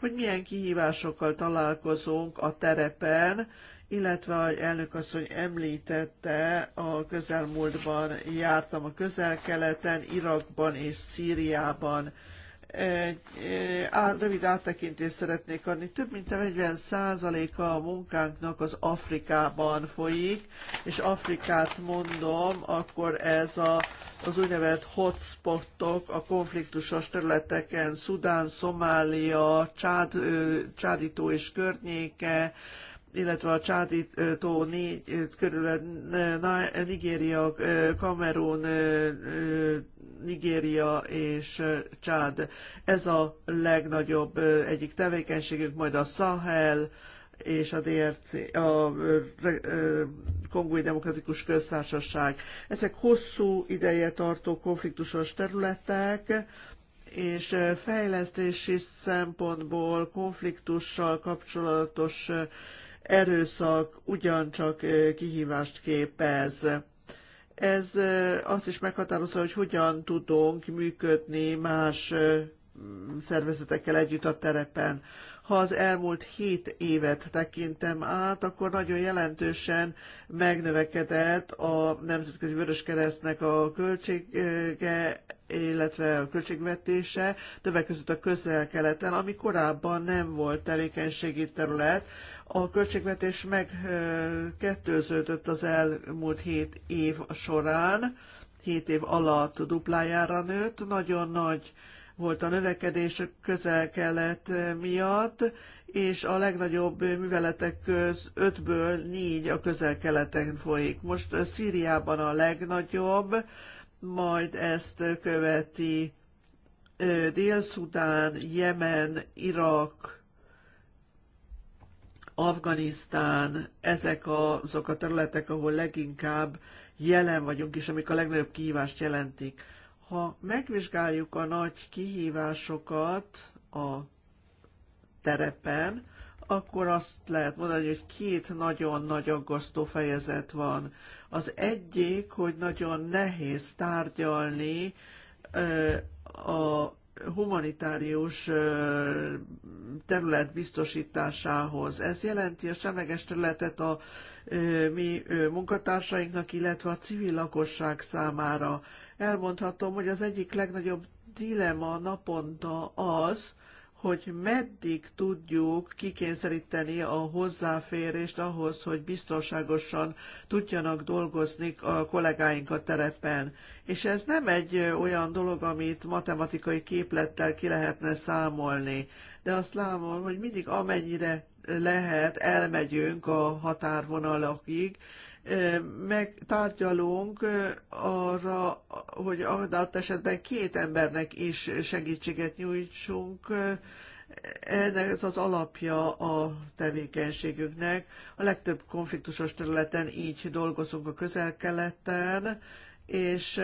hogy milyen kihívásokkal találkozunk a terepen, illetve, ahogy elnök asszony említette, a közelmúltban jártam a közel-keleten, Irakban és Szíriában egy á, rövid áttekintést szeretnék adni. Több mint 40%-a a munkánknak az Afrikában folyik, és Afrikát mondom, akkor ez a, az úgynevezett hotspotok a konfliktusos területeken, Szudán, Szomália, Csád, Csádító és környéke, illetve a Csádi tó négy körül Nigéria, Kamerun, Nigéria és Csád. Ez a legnagyobb egyik tevékenységünk, majd a Sahel és a DRC, a Kongói Demokratikus Köztársaság. Ezek hosszú ideje tartó konfliktusos területek, és fejlesztési szempontból konfliktussal kapcsolatos erőszak ugyancsak kihívást képez. Ez azt is meghatározza, hogy hogyan tudunk működni más szervezetekkel együtt a terepen. Ha az elmúlt hét évet tekintem át, akkor nagyon jelentősen megnövekedett a Nemzetközi Vöröskeresztnek a költsége, illetve a költségvetése, többek között a közel-keleten, ami korábban nem volt tevékenységi terület, a költségvetés megkettőződött az elmúlt hét év során, hét év alatt duplájára nőtt, nagyon nagy volt a növekedés közel-kelet miatt, és a legnagyobb műveletek köz 5-ből 4 a közel-keleten folyik. Most Szíriában a legnagyobb, majd ezt követi Dél-Szudán, Jemen, Irak, Afganisztán, ezek a, azok a területek, ahol leginkább jelen vagyunk, és amik a legnagyobb kihívást jelentik. Ha megvizsgáljuk a nagy kihívásokat a terepen, akkor azt lehet mondani, hogy két nagyon nagy aggasztó fejezet van. Az egyik, hogy nagyon nehéz tárgyalni ö, a humanitárius terület biztosításához. Ez jelenti a semleges területet a mi munkatársainknak, illetve a civil lakosság számára. Elmondhatom, hogy az egyik legnagyobb dilema naponta az, hogy meddig tudjuk kikényszeríteni a hozzáférést ahhoz, hogy biztonságosan tudjanak dolgozni a kollégáink a terepen. És ez nem egy olyan dolog, amit matematikai képlettel ki lehetne számolni, de azt látom, hogy mindig amennyire lehet, elmegyünk a határvonalakig, megtárgyalunk arra, hogy adott esetben két embernek is segítséget nyújtsunk, ennek ez az alapja a tevékenységünknek. A legtöbb konfliktusos területen így dolgozunk a közel-keleten, és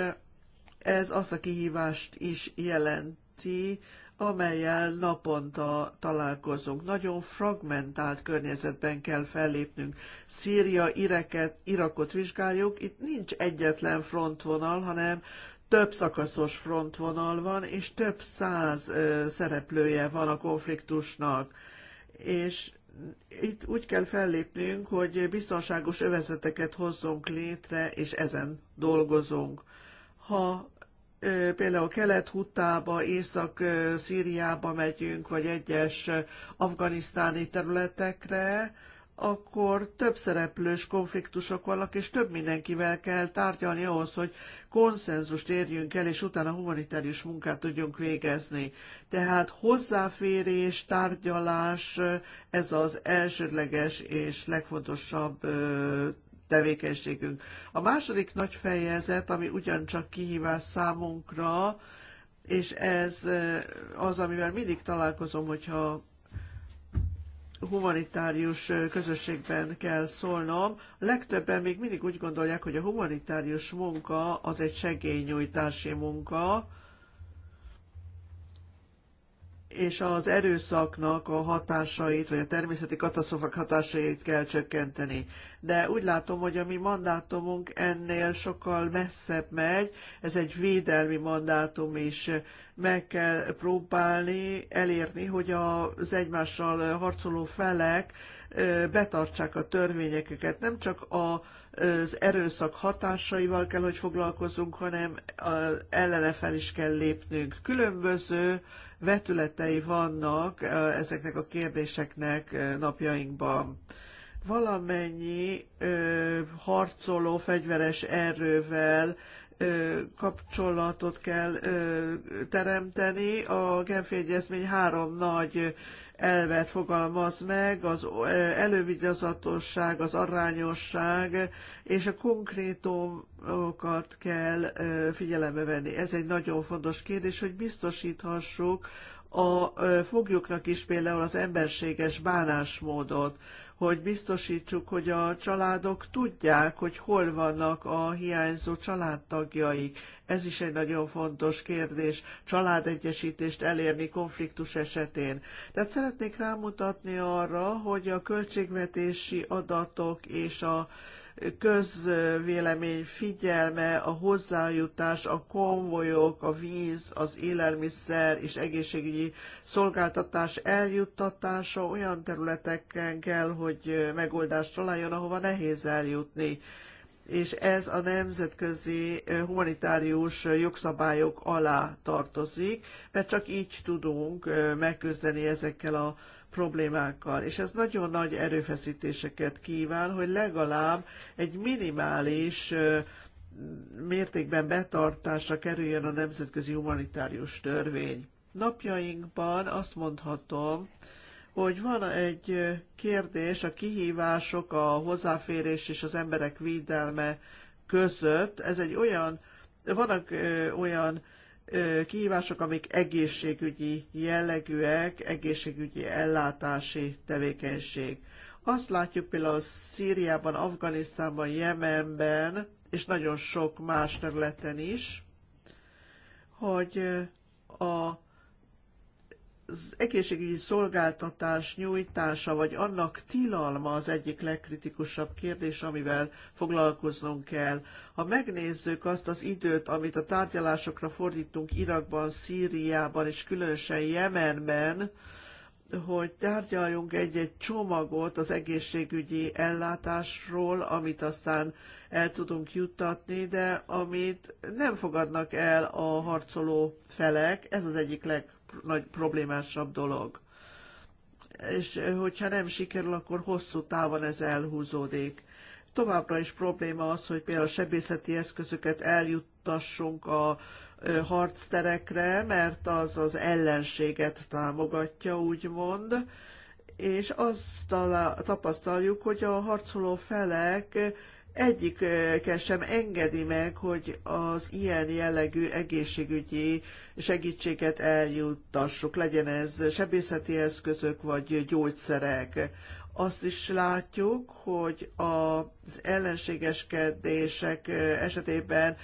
ez azt a kihívást is jelenti, amelyel naponta találkozunk. Nagyon fragmentált környezetben kell fellépnünk. Szíria, Ireket, Irakot vizsgáljuk, itt nincs egyetlen frontvonal, hanem több szakaszos frontvonal van, és több száz ö, szereplője van a konfliktusnak. És itt úgy kell fellépnünk, hogy biztonságos övezeteket hozzunk létre, és ezen dolgozunk. Ha például Kelet-Huttába, Észak-Szíriába megyünk, vagy egyes afganisztáni területekre, akkor több szereplős konfliktusok vannak, és több mindenkivel kell tárgyalni ahhoz, hogy konszenzust érjünk el, és utána humanitárius munkát tudjunk végezni. Tehát hozzáférés, tárgyalás, ez az elsődleges és legfontosabb tevékenységünk. A második nagy fejezet, ami ugyancsak kihívás számunkra, és ez az, amivel mindig találkozom, hogyha humanitárius közösségben kell szólnom. Legtöbben még mindig úgy gondolják, hogy a humanitárius munka az egy segélynyújtási munka, és az erőszaknak a hatásait, vagy a természeti katasztrofák hatásait kell csökkenteni. De úgy látom, hogy a mi mandátumunk ennél sokkal messzebb megy, ez egy védelmi mandátum is. Meg kell próbálni elérni, hogy az egymással harcoló felek betartsák a törvényeket. Nem csak az erőszak hatásaival kell, hogy foglalkozunk, hanem ellene fel is kell lépnünk. Különböző vetületei vannak ezeknek a kérdéseknek napjainkban. Valamennyi ö, harcoló fegyveres erővel ö, kapcsolatot kell ö, teremteni. A Genfi Egyezmény három nagy elvet fogalmaz meg, az elővigyazatosság, az arányosság és a konkrétum okat kell figyelembe venni. Ez egy nagyon fontos kérdés, hogy biztosíthassuk a foglyoknak is például az emberséges bánásmódot, hogy biztosítsuk, hogy a családok tudják, hogy hol vannak a hiányzó családtagjaik. Ez is egy nagyon fontos kérdés, családegyesítést elérni konfliktus esetén. Tehát szeretnék rámutatni arra, hogy a költségvetési adatok és a közvélemény figyelme, a hozzájutás, a konvojok, a víz, az élelmiszer és egészségügyi szolgáltatás eljuttatása olyan területeken kell, hogy megoldást találjon, ahova nehéz eljutni és ez a nemzetközi eh, humanitárius jogszabályok alá tartozik, mert csak így tudunk eh, megküzdeni ezekkel a problémákkal, és ez nagyon nagy erőfeszítéseket kíván, hogy legalább egy minimális mértékben betartásra kerüljön a nemzetközi humanitárius törvény. Napjainkban azt mondhatom, hogy van egy kérdés a kihívások, a hozzáférés és az emberek védelme között. Ez egy olyan, vannak ö, olyan kihívások, amik egészségügyi jellegűek, egészségügyi ellátási tevékenység. Azt látjuk például Szíriában, Afganisztánban, Jemenben, és nagyon sok más területen is, hogy a az egészségügyi szolgáltatás nyújtása, vagy annak tilalma az egyik legkritikusabb kérdés, amivel foglalkoznunk kell. Ha megnézzük azt az időt, amit a tárgyalásokra fordítunk Irakban, Szíriában és különösen Jemenben, hogy tárgyaljunk egy-egy csomagot az egészségügyi ellátásról, amit aztán el tudunk juttatni, de amit nem fogadnak el a harcoló felek, ez az egyik leg nagy problémásabb dolog. És hogyha nem sikerül, akkor hosszú távon ez elhúzódik. Továbbra is probléma az, hogy például a sebészeti eszközöket eljuttassunk a harcterekre, mert az az ellenséget támogatja, úgymond, és azt tapasztaljuk, hogy a harcoló felek egyik sem engedi meg, hogy az ilyen jellegű egészségügyi segítséget eljuttassuk, legyen ez sebészeti eszközök vagy gyógyszerek. Azt is látjuk, hogy az ellenségeskedések esetében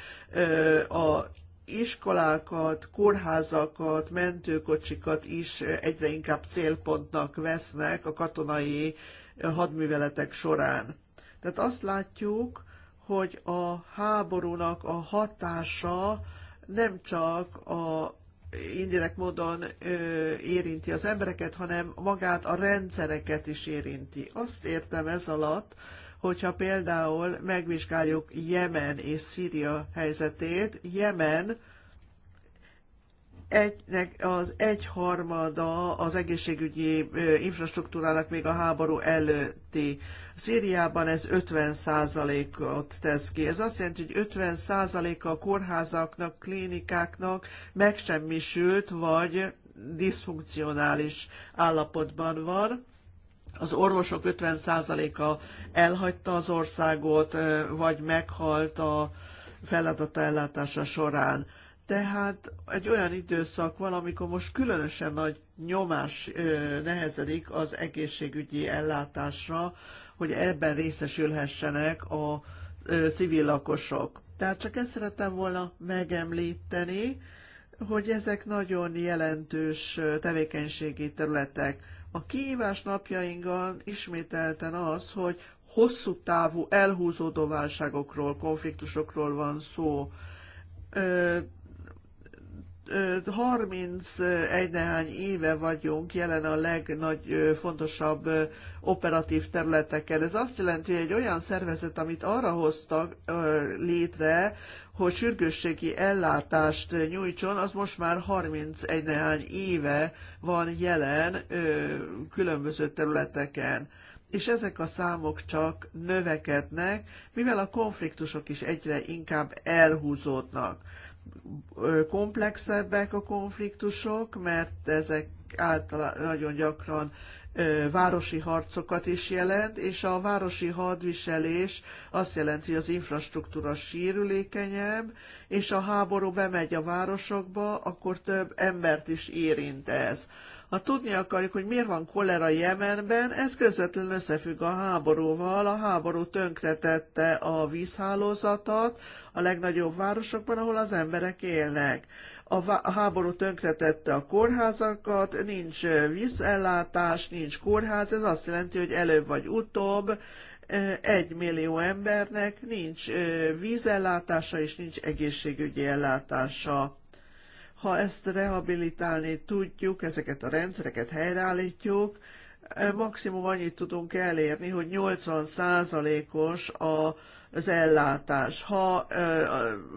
a iskolákat, kórházakat, mentőkocsikat is egyre inkább célpontnak vesznek a katonai hadműveletek során tehát azt látjuk, hogy a háborúnak a hatása nem csak a indirekt módon ö, érinti az embereket, hanem magát a rendszereket is érinti. Azt értem ez alatt, hogyha például megvizsgáljuk Jemen és Szíria helyzetét, Jemen egynek az egyharmada az egészségügyi infrastruktúrának még a háború előtti. Szíriában ez 50 ot tesz ki. Ez azt jelenti, hogy 50 a a kórházaknak, klinikáknak megsemmisült, vagy diszfunkcionális állapotban van. Az orvosok 50%-a elhagyta az országot, vagy meghalt a feladata ellátása során tehát egy olyan időszak van, amikor most különösen nagy nyomás nehezedik az egészségügyi ellátásra, hogy ebben részesülhessenek a civil lakosok. Tehát csak ezt szerettem volna megemlíteni, hogy ezek nagyon jelentős tevékenységi területek. A kihívás napjainkon ismételten az, hogy hosszú távú elhúzódó válságokról, konfliktusokról van szó 31 néhány éve vagyunk jelen a legnagy fontosabb operatív területeken. Ez azt jelenti, hogy egy olyan szervezet, amit arra hoztak létre, hogy sürgősségi ellátást nyújtson, az most már 31 néhány éve van jelen különböző területeken és ezek a számok csak növekednek, mivel a konfliktusok is egyre inkább elhúzódnak komplexebbek a konfliktusok, mert ezek általában nagyon gyakran városi harcokat is jelent, és a városi hadviselés azt jelenti, hogy az infrastruktúra sérülékenyebb, és a háború bemegy a városokba, akkor több embert is érint ez. Ha tudni akarjuk, hogy miért van kolera Jemenben, ez közvetlenül összefügg a háborúval. A háború tönkretette a vízhálózatot a legnagyobb városokban, ahol az emberek élnek. A, háború tönkretette a kórházakat, nincs vízellátás, nincs kórház, ez azt jelenti, hogy előbb vagy utóbb egy millió embernek nincs vízellátása és nincs egészségügyi ellátása ha ezt rehabilitálni tudjuk, ezeket a rendszereket helyreállítjuk, eh, maximum annyit tudunk elérni, hogy 80%-os a az ellátás. Ha eh,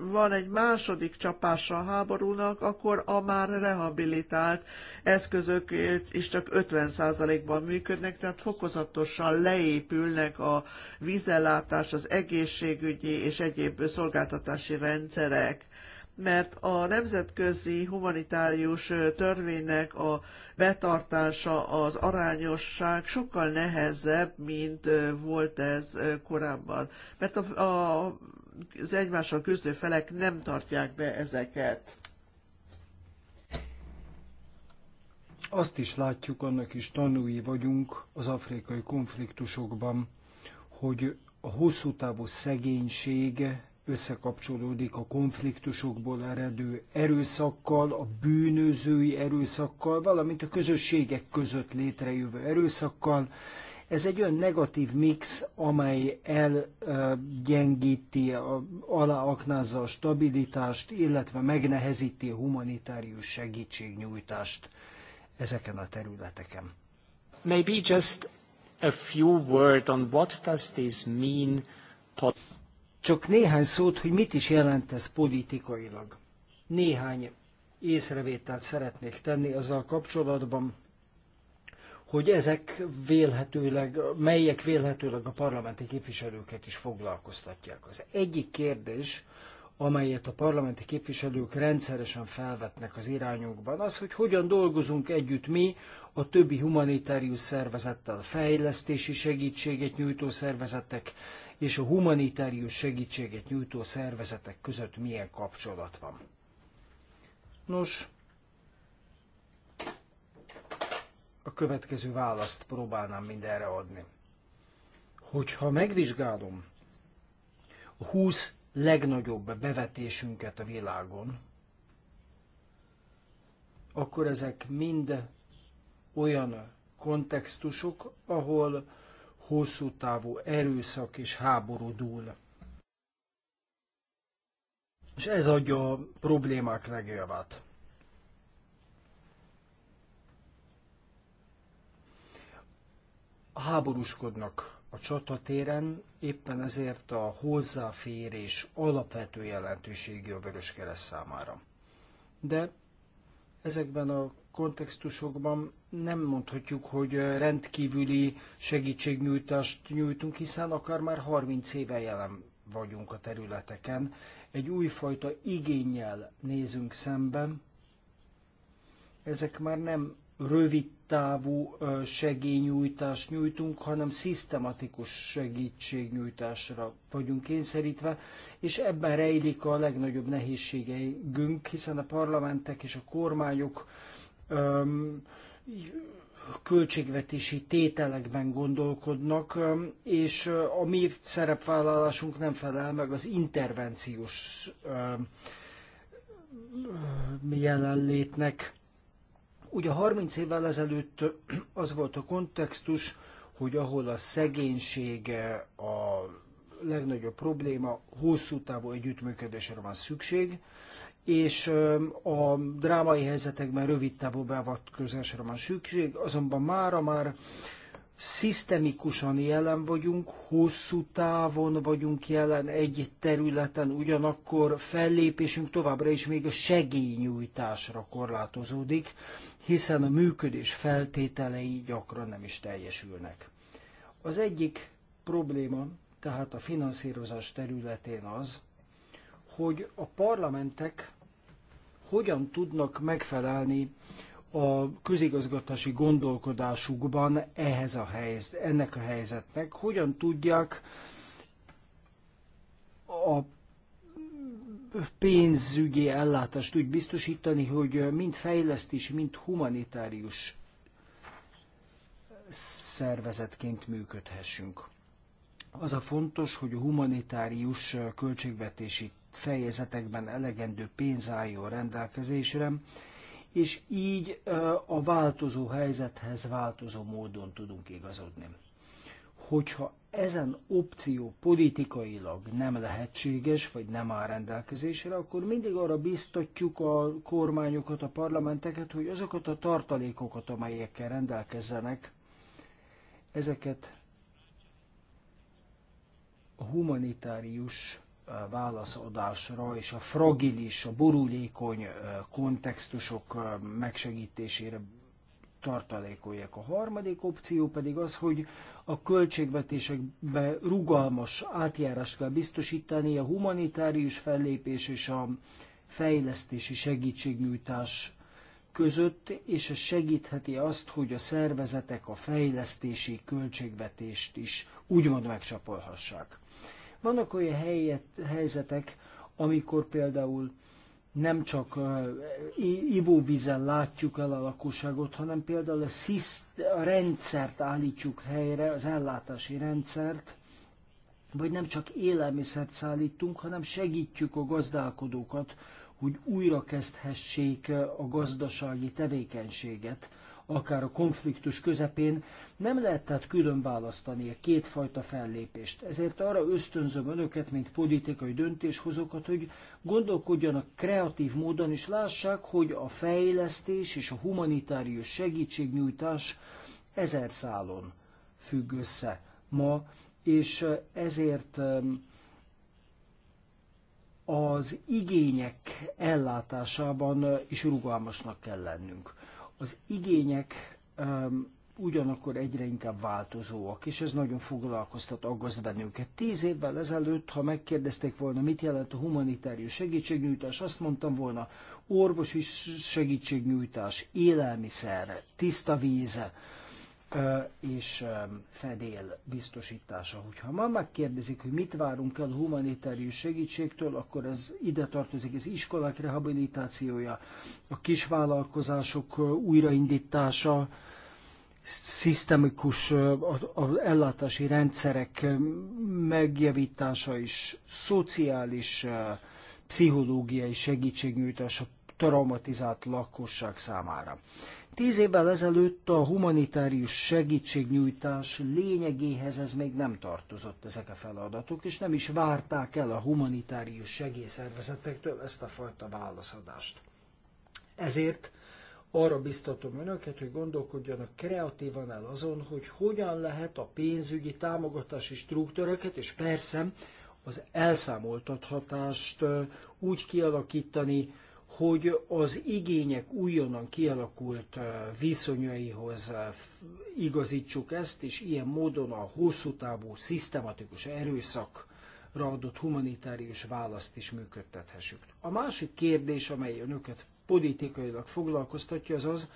van egy második csapással háborúnak, akkor a már rehabilitált eszközök is csak 50%-ban működnek, tehát fokozatosan leépülnek a vízellátás, az egészségügyi és egyéb szolgáltatási rendszerek mert a nemzetközi humanitárius törvénynek a betartása, az arányosság sokkal nehezebb, mint volt ez korábban. Mert a, a, az egymással küzdő felek nem tartják be ezeket. Azt is látjuk, annak is tanúi vagyunk az afrikai konfliktusokban, hogy a hosszú távú szegénység összekapcsolódik a konfliktusokból eredő erőszakkal, a bűnözői erőszakkal, valamint a közösségek között létrejövő erőszakkal. Ez egy olyan negatív mix, amely elgyengíti, aláaknázza a stabilitást, illetve megnehezíti a humanitárius segítségnyújtást ezeken a területeken. Maybe just a few word on what does this mean csak néhány szót, hogy mit is jelent ez politikailag. Néhány észrevételt szeretnék tenni azzal kapcsolatban, hogy ezek vélhetőleg, melyek vélhetőleg a parlamenti képviselőket is foglalkoztatják. Az egyik kérdés, amelyet a parlamenti képviselők rendszeresen felvetnek az irányunkban. Az, hogy hogyan dolgozunk együtt mi a többi humanitárius szervezettel, fejlesztési segítséget nyújtó szervezetek és a humanitárius segítséget nyújtó szervezetek között milyen kapcsolat van. Nos, a következő választ próbálnám mindenre adni. Hogyha megvizsgálom a 20 legnagyobb bevetésünket a világon, akkor ezek mind olyan kontextusok, ahol hosszú távú erőszak és háború dúl. És ez adja a problémák legjavát. Háborúskodnak a csatatéren, éppen ezért a hozzáférés alapvető jelentőségű a kereszt számára. De ezekben a kontextusokban nem mondhatjuk, hogy rendkívüli segítségnyújtást nyújtunk, hiszen akár már 30 éve jelen vagyunk a területeken. Egy újfajta igényel nézünk szemben. Ezek már nem rövid távú segélynyújtást nyújtunk, hanem szisztematikus segítségnyújtásra vagyunk kényszerítve, és ebben rejlik a legnagyobb nehézségünk, hiszen a parlamentek és a kormányok öm, költségvetési tételekben gondolkodnak, és a mi szerepvállalásunk nem felel meg az intervenciós jelenlétnek. Ugye 30 évvel ezelőtt az volt a kontextus, hogy ahol a szegénysége a legnagyobb probléma, hosszú távú együttműködésre van szükség, és a drámai helyzetekben rövid távú beavatkozásra van szükség, azonban mára már szisztemikusan jelen vagyunk, hosszú távon vagyunk jelen egy területen, ugyanakkor fellépésünk továbbra is még a segélynyújtásra korlátozódik, hiszen a működés feltételei gyakran nem is teljesülnek. Az egyik probléma tehát a finanszírozás területén az, hogy a parlamentek hogyan tudnak megfelelni a közigazgatási gondolkodásukban ehhez a helyz, ennek a helyzetnek, hogyan tudják a pénzügyi ellátást úgy biztosítani, hogy mind fejlesztés, mind humanitárius szervezetként működhessünk. Az a fontos, hogy a humanitárius költségvetési fejezetekben elegendő pénz álljon rendelkezésre, és így a változó helyzethez változó módon tudunk igazodni. Hogyha ezen opció politikailag nem lehetséges, vagy nem áll rendelkezésre, akkor mindig arra biztatjuk a kormányokat, a parlamenteket, hogy azokat a tartalékokat, amelyekkel rendelkezzenek, ezeket a humanitárius eh, válaszadásra és a fragilis, a borulékony eh, kontextusok eh, megsegítésére tartalékolják. A harmadik opció pedig az, hogy a költségvetésekbe rugalmas átjárást kell biztosítani a humanitárius fellépés és a fejlesztési segítségnyújtás között, és ez segítheti azt, hogy a szervezetek a fejlesztési költségvetést is úgymond megcsapolhassák. Vannak olyan helyet, helyzetek, amikor például nem csak ivóvízzel látjuk el a lakosságot, hanem például a, sziszt, a rendszert állítjuk helyre, az ellátási rendszert, vagy nem csak élelmiszert szállítunk, hanem segítjük a gazdálkodókat, hogy újra a gazdasági tevékenységet akár a konfliktus közepén. Nem lehet tehát külön választani a kétfajta fellépést. Ezért arra ösztönzöm önöket, mint politikai döntéshozókat, hogy gondolkodjanak kreatív módon, és lássák, hogy a fejlesztés és a humanitárius segítségnyújtás ezer szálon függ össze ma, és ezért az igények ellátásában is rugalmasnak kell lennünk. Az igények um, ugyanakkor egyre inkább változóak, és ez nagyon foglalkoztat, aggaszt bennünket. Tíz évvel ezelőtt, ha megkérdezték volna, mit jelent a humanitárius segítségnyújtás, azt mondtam volna, orvosi segítségnyújtás, élelmiszer, tiszta víz, és fedél biztosítása. Hogyha ma megkérdezik, hogy mit várunk el humanitárius segítségtől, akkor ez ide tartozik az iskolák rehabilitációja, a kisvállalkozások újraindítása, szisztemikus ellátási rendszerek megjavítása és szociális, pszichológiai segítségnyújtása traumatizált lakosság számára. Tíz évvel ezelőtt a humanitárius segítségnyújtás lényegéhez ez még nem tartozott ezek a feladatok, és nem is várták el a humanitárius segélyszervezetektől ezt a fajta válaszadást. Ezért arra biztatom önöket, hogy gondolkodjanak kreatívan el azon, hogy hogyan lehet a pénzügyi támogatási struktúrákat, és persze az elszámoltathatást úgy kialakítani, hogy az igények újonnan kialakult eh, viszonyaihoz eh, igazítsuk ezt, és ilyen módon a hosszú távú szisztematikus erőszakra adott humanitárius választ is működtethessük. A másik kérdés, amely önöket politikailag foglalkoztatja, az az,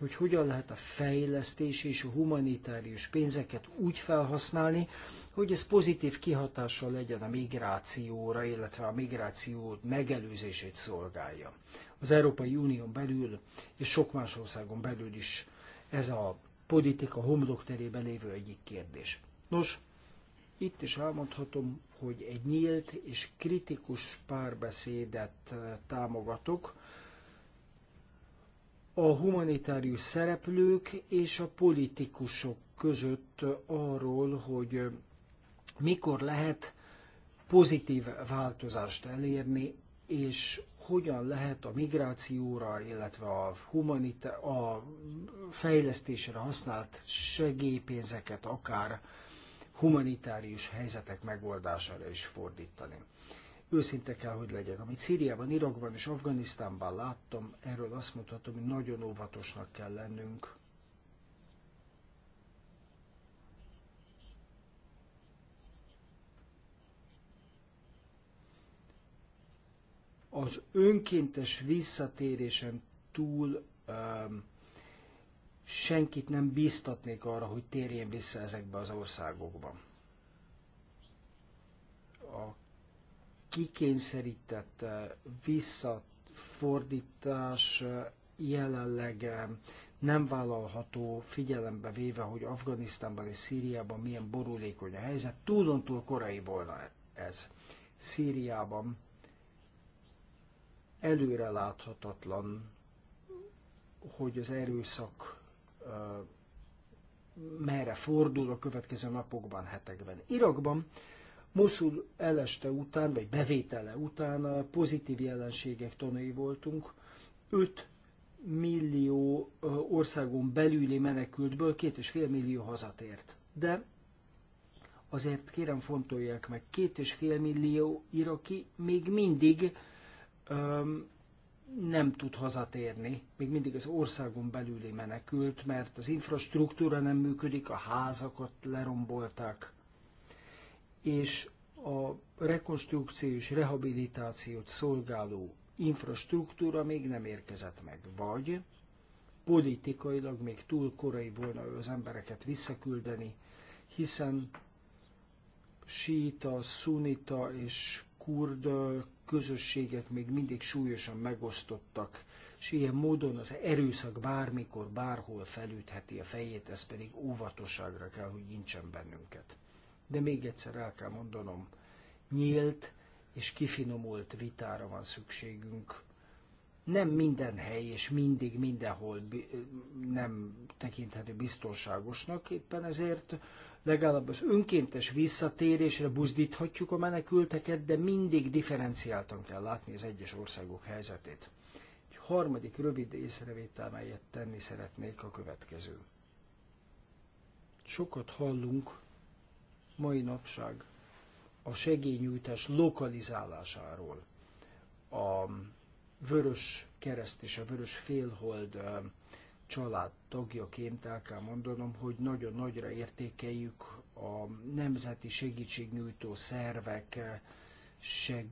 hogy hogyan lehet a fejlesztési és a humanitárius pénzeket úgy felhasználni, hogy ez pozitív kihatással legyen a migrációra, illetve a migráció megelőzését szolgálja. Az Európai Unión belül és sok más országon belül is ez a politika terében lévő egyik kérdés. Nos, itt is elmondhatom, hogy egy nyílt és kritikus párbeszédet eh, támogatok, a humanitárius szereplők és a politikusok között arról, hogy mikor lehet pozitív változást elérni, és hogyan lehet a migrációra, illetve a, humanita- a fejlesztésre használt segélypénzeket akár humanitárius helyzetek megoldására is fordítani. Őszinte kell, hogy legyek. Amit Szíriában, Irakban és Afganisztánban láttam, erről azt mondhatom, hogy nagyon óvatosnak kell lennünk. Az önkéntes visszatérésen túl um, senkit nem bíztatnék arra, hogy térjen vissza ezekbe az országokba. A kikényszerített visszafordítás eh, jelenleg nem vállalható figyelembe véve, hogy Afganisztánban és Szíriában milyen borulékony a helyzet. Túlon túl korai volna ez. Szíriában előre láthatatlan, hogy az erőszak eh, merre fordul a következő napokban, hetekben. Irakban Moszul eleste után, vagy bevétele után pozitív jelenségek tanai voltunk. 5 millió országon belüli menekültből 2,5 millió hazatért. De azért kérem fontolják meg, 2,5 millió iraki még mindig öm, nem tud hazatérni, még mindig az országon belüli menekült, mert az infrastruktúra nem működik, a házakat lerombolták, és a rekonstrukció és rehabilitációt szolgáló infrastruktúra még nem érkezett meg, vagy politikailag még túl korai volna az embereket visszaküldeni, hiszen síta, szunita és kurd közösségek még mindig súlyosan megosztottak, és ilyen módon az erőszak bármikor, bárhol felütheti a fejét, ez pedig óvatosságra kell, hogy nincsen bennünket de még egyszer el kell mondanom, nyílt és kifinomult vitára van szükségünk. Nem minden hely és mindig mindenhol nem tekinthető biztonságosnak, éppen ezért legalább az önkéntes visszatérésre buzdíthatjuk a menekülteket, de mindig differenciáltan kell látni az egyes országok helyzetét. Egy harmadik rövid észrevétel, melyet tenni szeretnék a következő. Sokat hallunk mai napság a segélynyújtás lokalizálásáról a Vörös Kereszt és a Vörös Félhold család tagjaként el kell mondanom, hogy nagyon nagyra értékeljük a nemzeti segítségnyújtó szervek seg,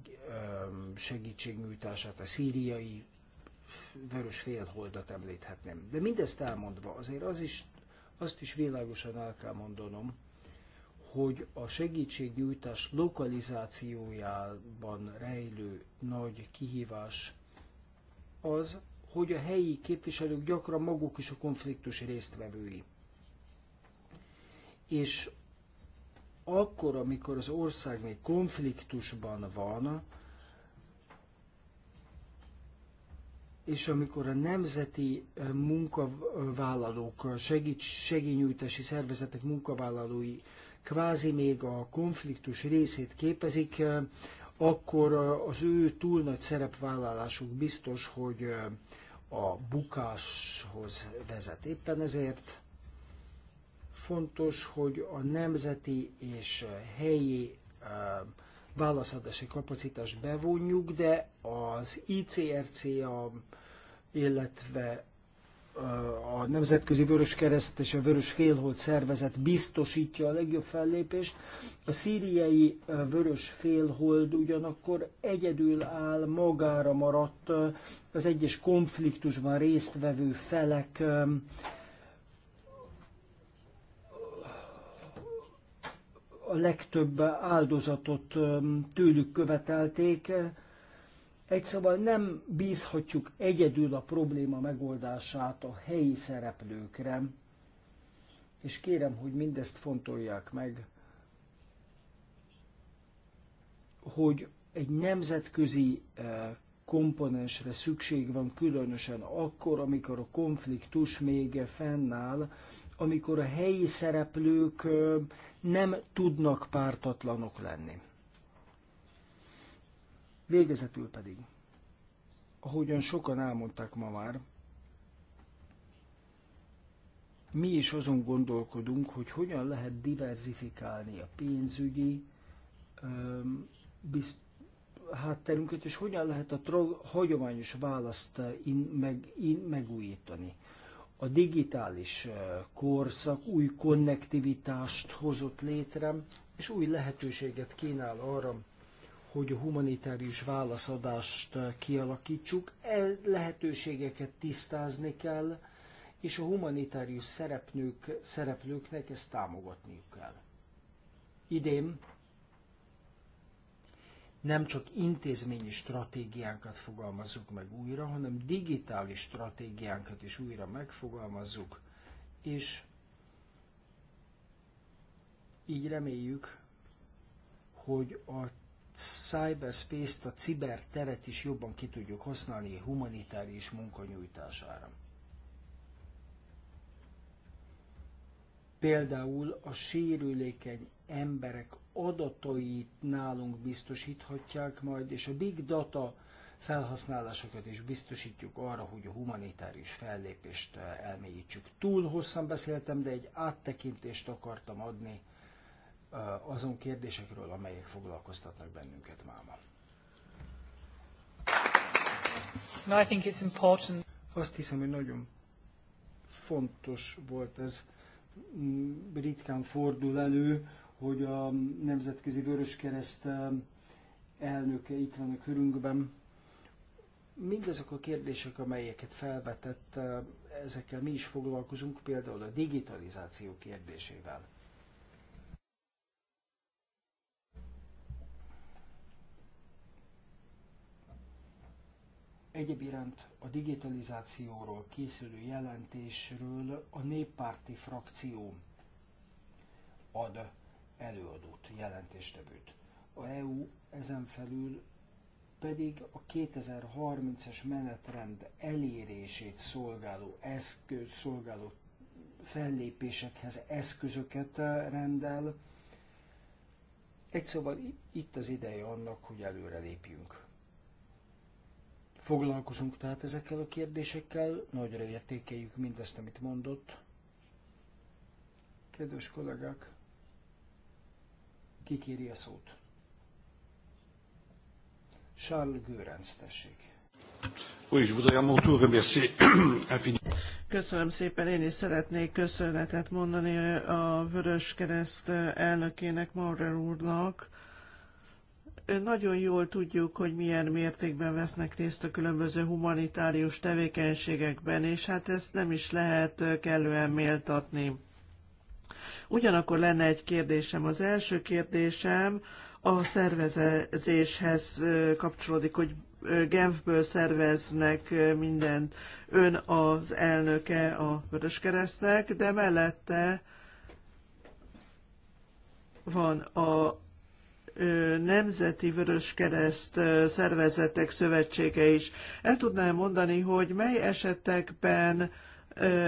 segítségnyújtását, a szíriai vörös félholdat említhetném. De mindezt elmondva azért az is, azt is világosan el kell mondanom, hogy a segítségnyújtás lokalizációjában rejlő nagy kihívás az, hogy a helyi képviselők gyakran maguk is a konfliktus résztvevői. És akkor, amikor az ország még konfliktusban van, és amikor a nemzeti eh, munkavállalók, segít, szervezetek munkavállalói kvázi még a konfliktus részét képezik, akkor az ő túl nagy szerepvállalásuk biztos, hogy a bukáshoz vezet. Éppen ezért fontos, hogy a nemzeti és helyi válaszadási kapacitást bevonjuk, de az ICRC, -a, illetve a Nemzetközi Vörös Kereszt és a Vörös Félhold Szervezet biztosítja a legjobb fellépést. A szíriai Vörös Félhold ugyanakkor egyedül áll, magára maradt az egyes konfliktusban résztvevő felek a legtöbb áldozatot tőlük követelték, egy szóval nem bízhatjuk egyedül a probléma megoldását a helyi szereplőkre, és kérem, hogy mindezt fontolják meg, hogy egy nemzetközi eh, komponensre szükség van, különösen akkor, amikor a konfliktus még fennáll, amikor a helyi szereplők eh, nem tudnak pártatlanok lenni. Végezetül pedig, ahogyan sokan elmondták ma már, mi is azon gondolkodunk, hogy hogyan lehet diversifikálni a pénzügyi öm, bizt, hátterünket, és hogyan lehet a trog, hagyományos választ in, meg, in, megújítani. A digitális korszak új konnektivitást hozott létre, és új lehetőséget kínál arra, hogy a humanitárius válaszadást kialakítsuk. E lehetőségeket tisztázni kell, és a humanitárius szereplők, szereplőknek ezt támogatniuk kell. Idén nem csak intézményi stratégiánkat fogalmazzuk meg újra, hanem digitális stratégiánkat is újra megfogalmazzuk, és így reméljük, hogy a cyberspace-t, a teret is jobban ki tudjuk használni humanitárius munkanyújtására. Például a sérülékeny emberek adatait nálunk biztosíthatják majd, és a big data felhasználásokat is biztosítjuk arra, hogy a humanitárius fellépést eh, elmélyítsük. Túl hosszan beszéltem, de egy áttekintést akartam adni azon kérdésekről, amelyek foglalkoztatnak bennünket máma. No, I think it's important. Azt hiszem, hogy nagyon fontos volt ez, mm, ritkán fordul elő, hogy a Nemzetközi Vöröskereszt elnöke itt van a körünkben. Mindazok a kérdések, amelyeket felvetett, ezekkel mi is foglalkozunk, például a digitalizáció kérdésével Egyéb iránt a digitalizációról készülő jelentésről a néppárti frakció ad előadót, jelentéstevőt. A EU ezen felül pedig a 2030 es menetrend elérését szolgáló eszköz, szolgáló fellépésekhez eszközöket rendel. Egy szóval itt az ideje annak, hogy előre lépjünk. Foglalkozunk tehát ezekkel a kérdésekkel, nagyra értékeljük mindezt, amit mondott. Kedves kollégák, kikéri a szót? Charles Görenc, tessék. Köszönöm szépen, én is szeretnék köszönetet mondani a Vörös Kereszt elnökének, Maurer úrnak, nagyon jól tudjuk, hogy milyen mértékben vesznek részt a különböző humanitárius tevékenységekben, és hát ezt nem is lehet kellően méltatni. Ugyanakkor lenne egy kérdésem. Az első kérdésem a szervezéshez kapcsolódik, hogy Genfből szerveznek mindent. Ön az elnöke a Vöröskeresztnek, de mellette van a Nemzeti Vöröskereszt Szervezetek Szövetsége is. El tudnám mondani, hogy mely esetekben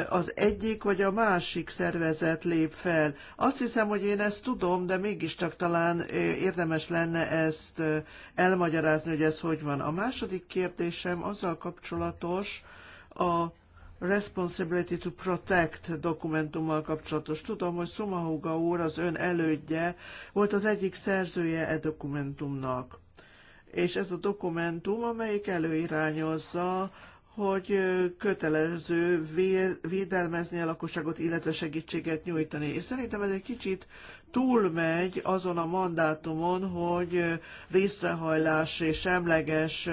az egyik vagy a másik szervezet lép fel. Azt hiszem, hogy én ezt tudom, de mégiscsak talán érdemes lenne ezt elmagyarázni, hogy ez hogy van. A második kérdésem azzal kapcsolatos, a Responsibility to Protect dokumentummal kapcsolatos. Tudom, hogy Szumahuga úr az ön elődje volt az egyik szerzője e dokumentumnak. És ez a dokumentum, amelyik előirányozza hogy kötelező védelmezni a lakosságot, illetve segítséget nyújtani. És szerintem ez egy kicsit túlmegy azon a mandátumon, hogy részrehajlás és semleges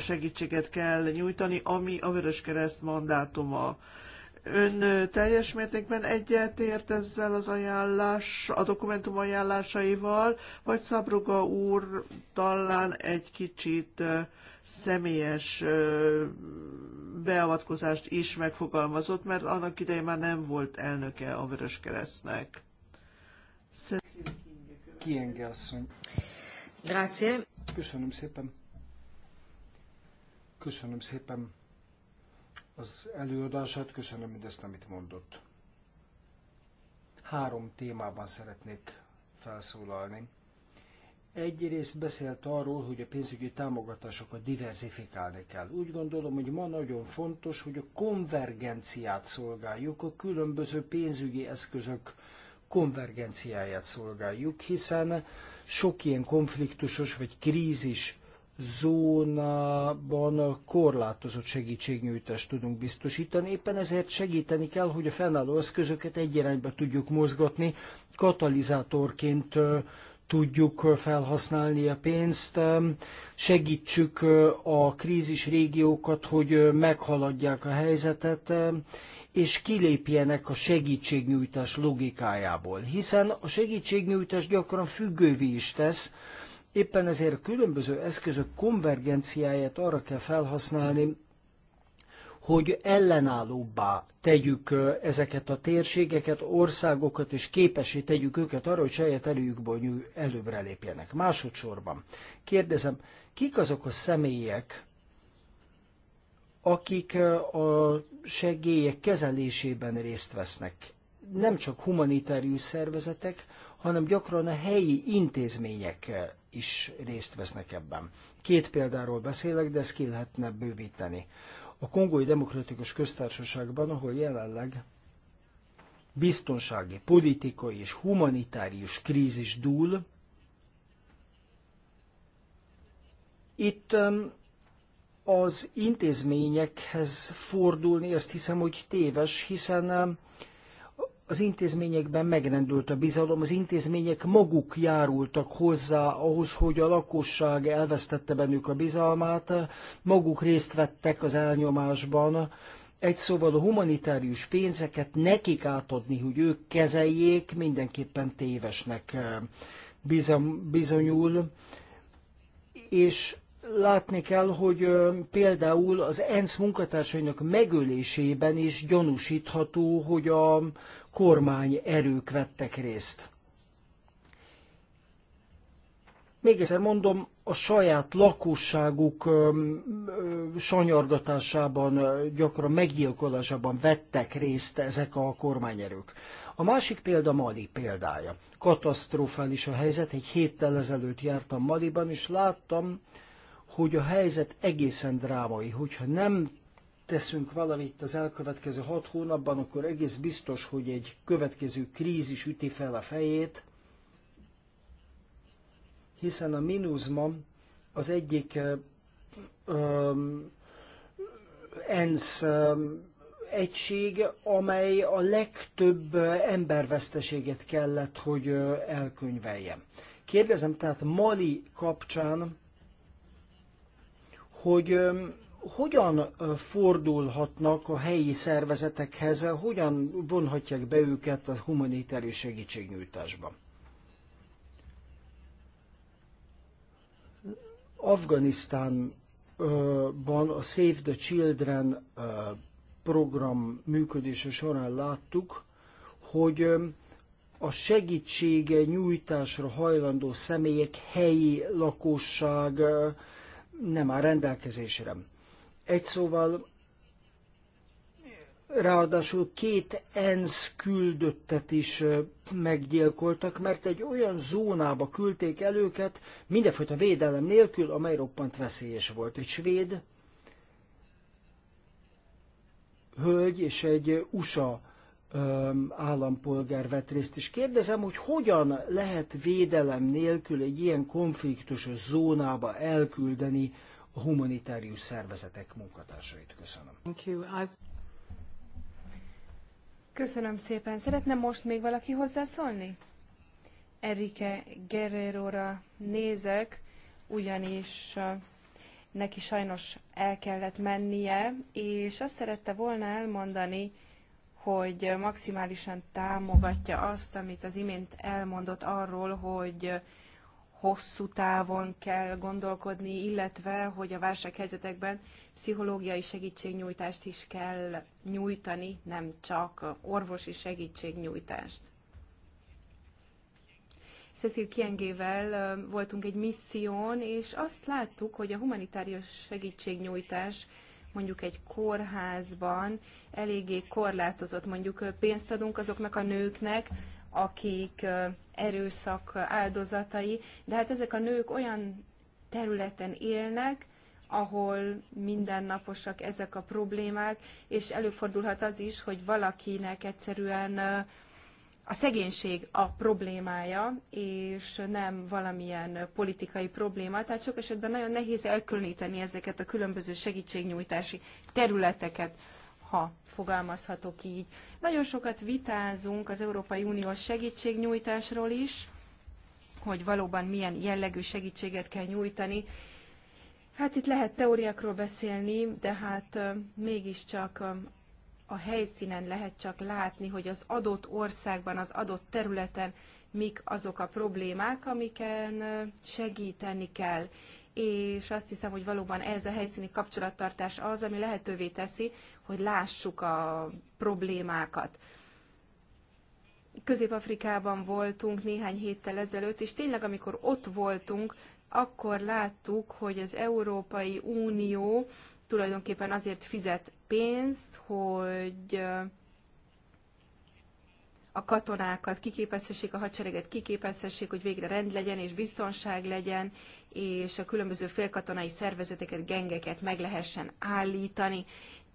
segítséget kell nyújtani, ami a Vöröskereszt mandátuma. Ön teljes mértékben egyetért ezzel az ajánlás, a dokumentum ajánlásaival, vagy Szabruga úr talán egy kicsit személyes beavatkozást is megfogalmazott, mert annak idején már nem volt elnöke a Vörös Keresztnek. Kienge asszony. Grazie. Köszönöm szépen. Köszönöm szépen az előadását, köszönöm mindezt, amit mondott. Három témában szeretnék felszólalni. Egyrészt beszélt arról, hogy a pénzügyi támogatásokat diversifikálni kell. Úgy gondolom, hogy ma nagyon fontos, hogy a konvergenciát szolgáljuk, a különböző pénzügyi eszközök konvergenciáját szolgáljuk, hiszen sok ilyen konfliktusos vagy krízis zónában korlátozott segítségnyújtást tudunk biztosítani. Éppen ezért segíteni kell, hogy a fennálló eszközöket egy irányba tudjuk mozgatni, katalizátorként tudjuk felhasználni a pénzt, segítsük a krízis régiókat, hogy meghaladják a helyzetet, és kilépjenek a segítségnyújtás logikájából, hiszen a segítségnyújtás gyakran függővé is tesz, éppen ezért a különböző eszközök konvergenciáját arra kell felhasználni, hogy ellenállóbbá tegyük ezeket a térségeket, országokat, és képesé tegyük őket arra, hogy saját erőjükből előbbre lépjenek. Másodszorban kérdezem, kik azok a személyek, akik a segélyek kezelésében részt vesznek? Nem csak humanitárius szervezetek, hanem gyakran a helyi intézmények is részt vesznek ebben. Két példáról beszélek, de ezt ki lehetne bővíteni a Kongói Demokratikus Köztársaságban, ahol jelenleg biztonsági, politikai és humanitárius krízis dúl. Itt az intézményekhez fordulni, ezt hiszem, hogy téves, hiszen az intézményekben megrendült a bizalom, az intézmények maguk járultak hozzá ahhoz, hogy a lakosság elvesztette bennük a bizalmát, maguk részt vettek az elnyomásban, egy szóval a humanitárius pénzeket nekik átadni, hogy ők kezeljék, mindenképpen tévesnek eh, bizonyul, és látni kell, hogy például az ENSZ munkatársainak megölésében is gyanúsítható, hogy a kormány erők vettek részt. Még egyszer mondom, a saját lakosságuk sanyargatásában, gyakran meggyilkolásában vettek részt ezek a kormányerők. A másik példa Mali példája. Katasztrofális a helyzet, egy héttel ezelőtt jártam Maliban, és láttam, hogy a helyzet egészen drámai. Hogyha nem teszünk valamit az elkövetkező hat hónapban, akkor egész biztos, hogy egy következő krízis üti fel a fejét, hiszen a MINUSMA az egyik um, ENSZ um, egység, amely a legtöbb emberveszteséget kellett, hogy elkönyveljem. Kérdezem tehát Mali kapcsán, hogy hogyan fordulhatnak a helyi szervezetekhez, hogyan vonhatják be őket a humanitárius segítségnyújtásba. Afganisztánban a Save the Children program működése során láttuk, hogy a segítség nyújtásra hajlandó személyek helyi lakosság nem áll rendelkezésre. Egy szóval Ráadásul két ENSZ küldöttet is meggyilkoltak, mert egy olyan zónába küldték el őket, mindenfajta védelem nélkül, amely roppant veszélyes volt. Egy svéd hölgy és egy USA állampolgár vett részt, és kérdezem, hogy hogyan lehet védelem nélkül egy ilyen konfliktus zónába elküldeni a humanitárius szervezetek munkatársait. Köszönöm. Köszönöm szépen. Szeretne most még valaki hozzászólni? Erike Guerrero-ra nézek, ugyanis neki sajnos el kellett mennie, és azt szerette volna elmondani, hogy maximálisan támogatja azt, amit az imént elmondott arról, hogy hosszú távon kell gondolkodni, illetve hogy a válsághelyzetekben pszichológiai segítségnyújtást is kell nyújtani, nem csak orvosi segítségnyújtást. Cecil Kiengével voltunk egy misszión, és azt láttuk, hogy a humanitárius segítségnyújtás mondjuk egy kórházban eléggé korlátozott, mondjuk pénzt adunk azoknak a nőknek, akik erőszak áldozatai, de hát ezek a nők olyan területen élnek, ahol mindennaposak ezek a problémák, és előfordulhat az is, hogy valakinek egyszerűen a szegénység a problémája, és nem valamilyen politikai probléma. Tehát sok esetben nagyon nehéz elkülöníteni ezeket a különböző segítségnyújtási területeket, ha fogalmazhatok így. Nagyon sokat vitázunk az Európai Uniós segítségnyújtásról is, hogy valóban milyen jellegű segítséget kell nyújtani. Hát itt lehet teóriákról beszélni, de hát mégiscsak a helyszínen lehet csak látni, hogy az adott országban, az adott területen mik azok a problémák, amiken segíteni kell. És azt hiszem, hogy valóban ez a helyszíni kapcsolattartás az, ami lehetővé teszi, hogy lássuk a problémákat. Közép-Afrikában voltunk néhány héttel ezelőtt, és tényleg, amikor ott voltunk, akkor láttuk, hogy az Európai Unió tulajdonképpen azért fizet pénzt, hogy a katonákat kiképezhessék, a hadsereget kiképezhessék, hogy végre rend legyen és biztonság legyen, és a különböző félkatonai szervezeteket, gengeket meg lehessen állítani.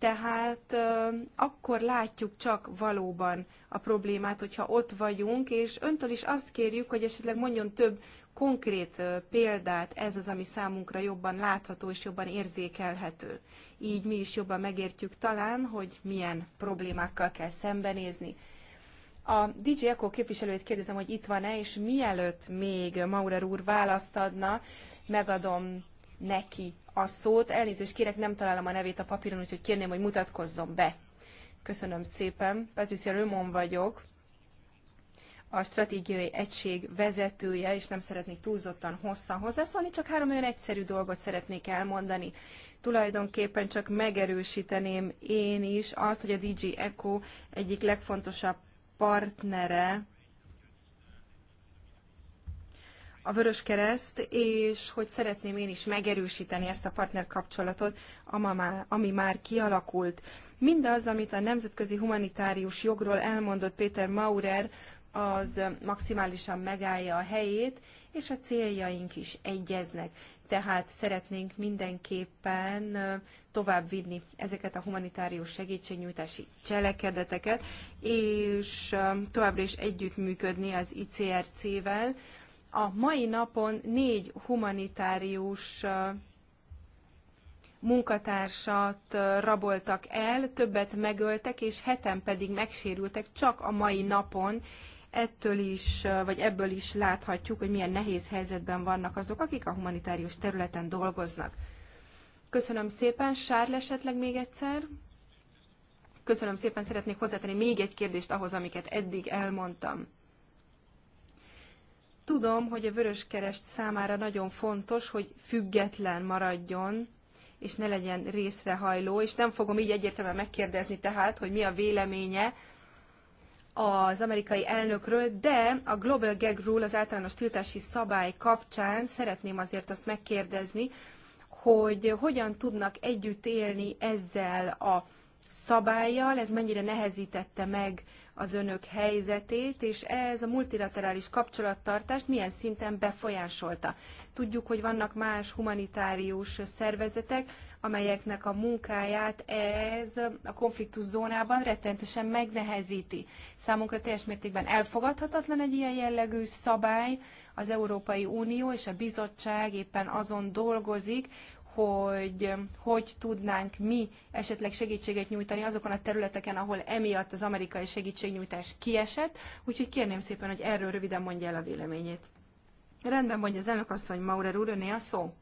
Tehát akkor látjuk csak valóban a problémát, hogyha ott vagyunk, és öntől is azt kérjük, hogy esetleg mondjon több konkrét példát, ez az, ami számunkra jobban látható és jobban érzékelhető. Így mi is jobban megértjük talán, hogy milyen problémákkal kell szembenézni. A DJ Eko képviselőjét kérdezem, hogy itt van-e, és mielőtt még Maurer úr választ adna, megadom neki a szót. Elnézést kérek, nem találom a nevét a papíron, úgyhogy kérném, hogy mutatkozzon be. Köszönöm szépen. Patricia Römon vagyok, a stratégiai egység vezetője, és nem szeretnék túlzottan hosszan hozzászólni, csak három olyan egyszerű dolgot szeretnék elmondani. Tulajdonképpen csak megerősíteném én is azt, hogy a DG Eco egyik legfontosabb partnere a Vörös Kereszt, és hogy szeretném én is megerősíteni ezt a partnerkapcsolatot, ami már kialakult. Mindaz, amit a nemzetközi humanitárius jogról elmondott Péter Maurer, az maximálisan megállja a helyét, és a céljaink is egyeznek. Tehát szeretnénk mindenképpen továbbvinni ezeket a humanitárius segítségnyújtási cselekedeteket, és továbbra is együttműködni az ICRC-vel, a mai napon négy humanitárius munkatársat raboltak el, többet megöltek, és heten pedig megsérültek csak a mai napon. Ettől is, vagy ebből is láthatjuk, hogy milyen nehéz helyzetben vannak azok, akik a humanitárius területen dolgoznak. Köszönöm szépen. Sárl esetleg még egyszer? Köszönöm szépen, szeretnék hozzátenni még egy kérdést ahhoz, amiket eddig elmondtam. Tudom, hogy a Vöröskereszt számára nagyon fontos, hogy független maradjon, és ne legyen részrehajló, és nem fogom így egyértelműen megkérdezni tehát, hogy mi a véleménye az amerikai elnökről, de a Global Gag Rule, az általános tiltási szabály kapcsán szeretném azért azt megkérdezni, hogy hogyan tudnak együtt élni ezzel a szabályjal, ez mennyire nehezítette meg az önök helyzetét, és ez a multilaterális kapcsolattartást milyen szinten befolyásolta. Tudjuk, hogy vannak más humanitárius szervezetek, amelyeknek a munkáját ez a konfliktus zónában rettentesen megnehezíti. Számunkra teljes mértékben elfogadhatatlan egy ilyen jellegű szabály. Az Európai Unió és a bizottság éppen azon dolgozik, hogy hogy tudnánk mi esetleg segítséget nyújtani azokon a területeken, ahol emiatt az amerikai segítségnyújtás kiesett, úgyhogy kérném szépen, hogy erről röviden mondja el a véleményét. Rendben mondja az elnök hogy Maurer úr, a szó.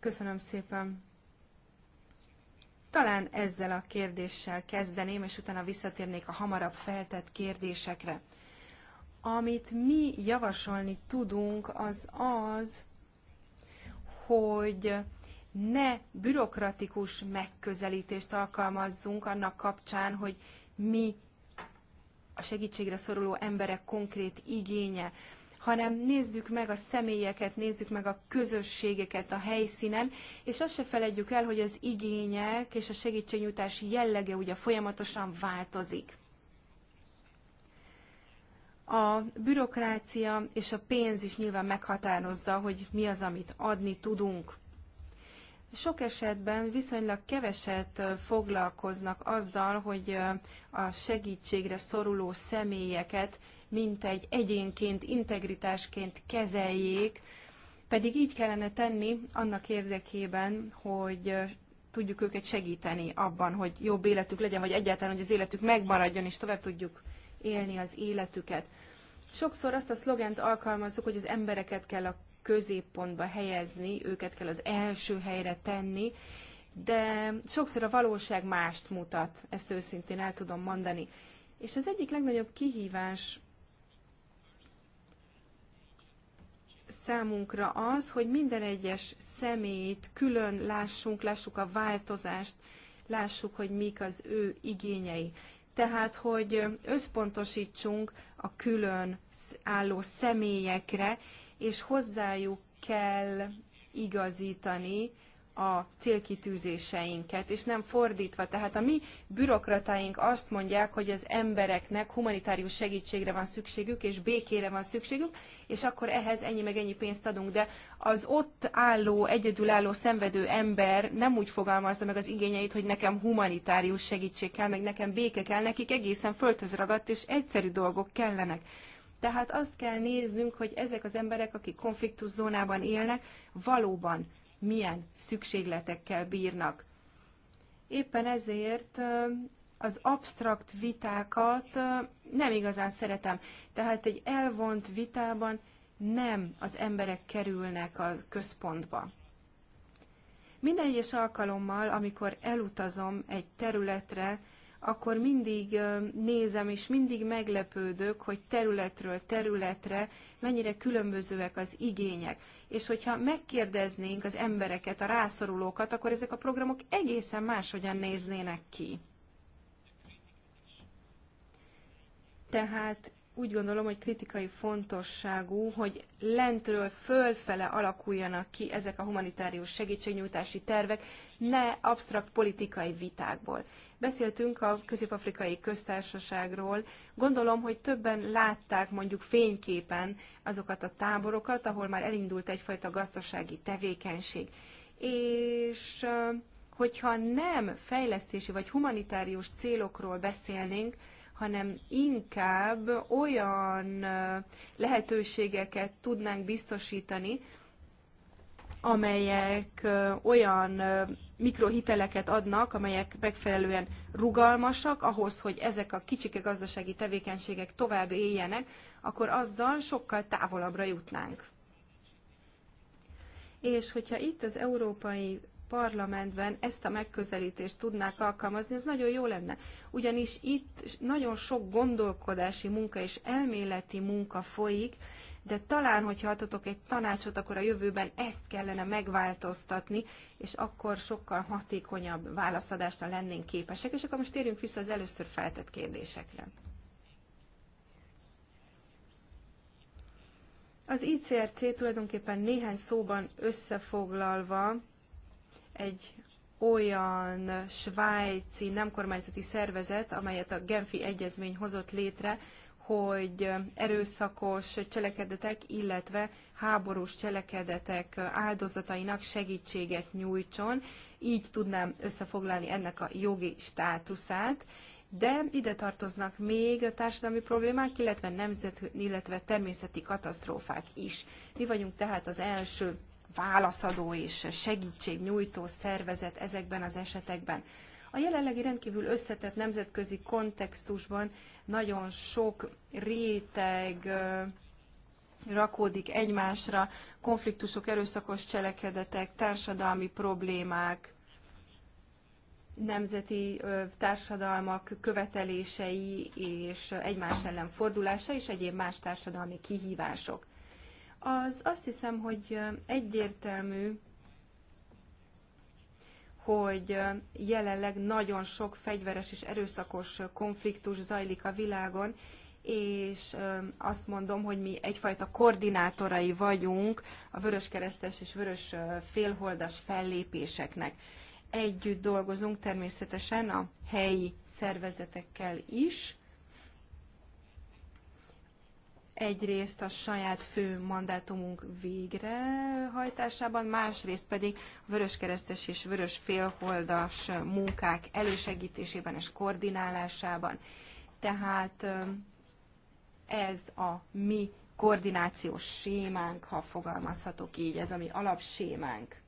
Köszönöm szépen. Talán ezzel a kérdéssel kezdeném, és utána visszatérnék a hamarabb feltett kérdésekre. Amit mi javasolni tudunk, az az, hogy ne bürokratikus megközelítést alkalmazzunk annak kapcsán, hogy mi a segítségre szoruló emberek konkrét igénye, hanem nézzük meg a személyeket, nézzük meg a közösségeket a helyszínen, és azt se felejtjük el, hogy az igények és a segítségnyújtás jellege ugye folyamatosan változik. A bürokrácia és a pénz is nyilván meghatározza, hogy mi az, amit adni tudunk. Sok esetben viszonylag keveset foglalkoznak azzal, hogy a segítségre szoruló személyeket mint egy egyénként, integritásként kezeljék, pedig így kellene tenni annak érdekében, hogy tudjuk őket segíteni abban, hogy jobb életük legyen, vagy egyáltalán, hogy az életük megmaradjon, és tovább tudjuk élni az életüket. Sokszor azt a szlogent alkalmazzuk, hogy az embereket kell a középpontba helyezni, őket kell az első helyre tenni, de sokszor a valóság mást mutat, ezt őszintén el tudom mondani. És az egyik legnagyobb kihívás számunkra az, hogy minden egyes személyt külön lássunk, lássuk a változást, lássuk, hogy mik az ő igényei tehát hogy összpontosítsunk a külön álló személyekre, és hozzájuk kell igazítani a célkitűzéseinket, és nem fordítva. Tehát a mi bürokratáink azt mondják, hogy az embereknek humanitárius segítségre van szükségük, és békére van szükségük, és akkor ehhez ennyi meg ennyi pénzt adunk. De az ott álló, egyedülálló, szenvedő ember nem úgy fogalmazza meg az igényeit, hogy nekem humanitárius segítség kell, meg nekem béke kell, nekik egészen földhöz ragadt és egyszerű dolgok kellenek. Tehát azt kell néznünk, hogy ezek az emberek, akik konfliktuszónában élnek, valóban milyen szükségletekkel bírnak. Éppen ezért az absztrakt vitákat nem igazán szeretem. Tehát egy elvont vitában nem az emberek kerülnek a központba. Minden egyes alkalommal, amikor elutazom egy területre, akkor mindig nézem, és mindig meglepődök, hogy területről területre mennyire különbözőek az igények. És hogyha megkérdeznénk az embereket, a rászorulókat, akkor ezek a programok egészen máshogyan néznének ki. Tehát úgy gondolom, hogy kritikai fontosságú, hogy lentről fölfele alakuljanak ki ezek a humanitárius segítségnyújtási tervek, ne absztrakt politikai vitákból. Beszéltünk a közép-afrikai köztársaságról. Gondolom, hogy többen látták mondjuk fényképen azokat a táborokat, ahol már elindult egyfajta gazdasági tevékenység. És hogyha nem fejlesztési vagy humanitárius célokról beszélnénk, hanem inkább olyan lehetőségeket tudnánk biztosítani, amelyek olyan mikrohiteleket adnak, amelyek megfelelően rugalmasak ahhoz, hogy ezek a kicsike gazdasági tevékenységek tovább éljenek, akkor azzal sokkal távolabbra jutnánk. És hogyha itt az Európai parlamentben ezt a megközelítést tudnák alkalmazni, ez nagyon jó lenne. Ugyanis itt nagyon sok gondolkodási munka és elméleti munka folyik, de talán, hogyha adhatok egy tanácsot, akkor a jövőben ezt kellene megváltoztatni, és akkor sokkal hatékonyabb válaszadásra lennénk képesek. És akkor most térjünk vissza az először feltett kérdésekre. Az ICRC tulajdonképpen néhány szóban összefoglalva egy olyan svájci nem kormányzati szervezet, amelyet a Genfi Egyezmény hozott létre, hogy erőszakos cselekedetek, illetve háborús cselekedetek áldozatainak segítséget nyújtson. Így tudnám összefoglalni ennek a jogi státuszát de ide tartoznak még társadalmi problémák, illetve, nemzet, illetve természeti katasztrófák is. Mi vagyunk tehát az első válaszadó és segítségnyújtó szervezet ezekben az esetekben. A jelenlegi rendkívül összetett nemzetközi kontextusban nagyon sok réteg rakódik egymásra, konfliktusok, erőszakos cselekedetek, társadalmi problémák, nemzeti társadalmak követelései és egymás ellen fordulása és egyéb más társadalmi kihívások. Az azt hiszem, hogy egyértelmű hogy jelenleg nagyon sok fegyveres és erőszakos konfliktus zajlik a világon, és azt mondom, hogy mi egyfajta koordinátorai vagyunk a vöröskeresztes és vörös félholdas fellépéseknek. Együtt dolgozunk természetesen a helyi szervezetekkel is, egyrészt a saját fő mandátumunk végrehajtásában, másrészt pedig a vöröskeresztes és vörös félholdas munkák elősegítésében és koordinálásában. Tehát ez a mi koordinációs sémánk, ha fogalmazhatok így, ez a mi alapsémánk.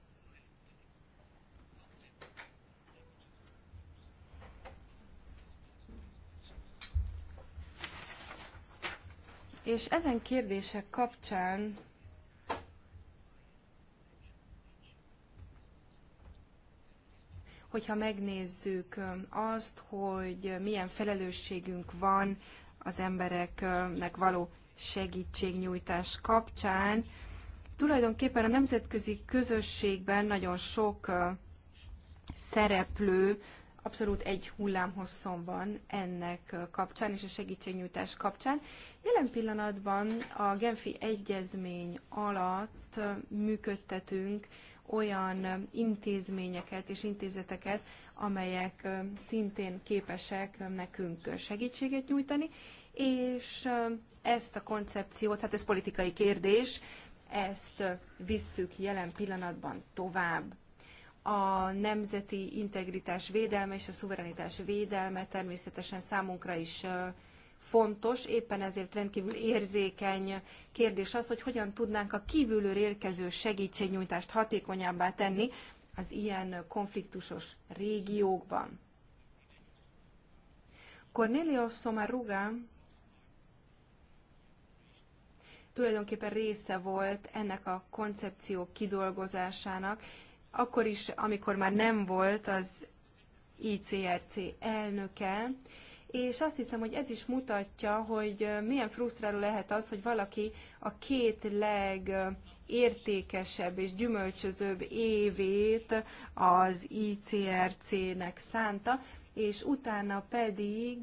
És ezen kérdések kapcsán hogyha megnézzük um, azt, hogy milyen felelősségünk van az embereknek való segítségnyújtás kapcsán, tulajdonképpen a nemzetközi közösségben nagyon sok uh, szereplő abszolút egy hullámhosszon van ennek kapcsán és a segítségnyújtás kapcsán. Jelen pillanatban a Genfi Egyezmény alatt működtetünk olyan intézményeket és intézeteket, amelyek szintén képesek nekünk segítséget nyújtani, és ezt a koncepciót, hát ez politikai kérdés, ezt visszük jelen pillanatban tovább a nemzeti integritás védelme és a szuverenitás védelme természetesen számunkra is fontos, éppen ezért rendkívül érzékeny kérdés az, hogy hogyan tudnánk a kívülről érkező segítségnyújtást hatékonyabbá tenni az ilyen konfliktusos régiókban. Cornelio Somaruga tulajdonképpen része volt ennek a koncepció kidolgozásának, akkor is, amikor már nem volt az ICRC elnöke, és azt hiszem, hogy ez is mutatja, hogy milyen frusztráló lehet az, hogy valaki a két legértékesebb és gyümölcsözőbb évét az ICRC-nek szánta, és utána pedig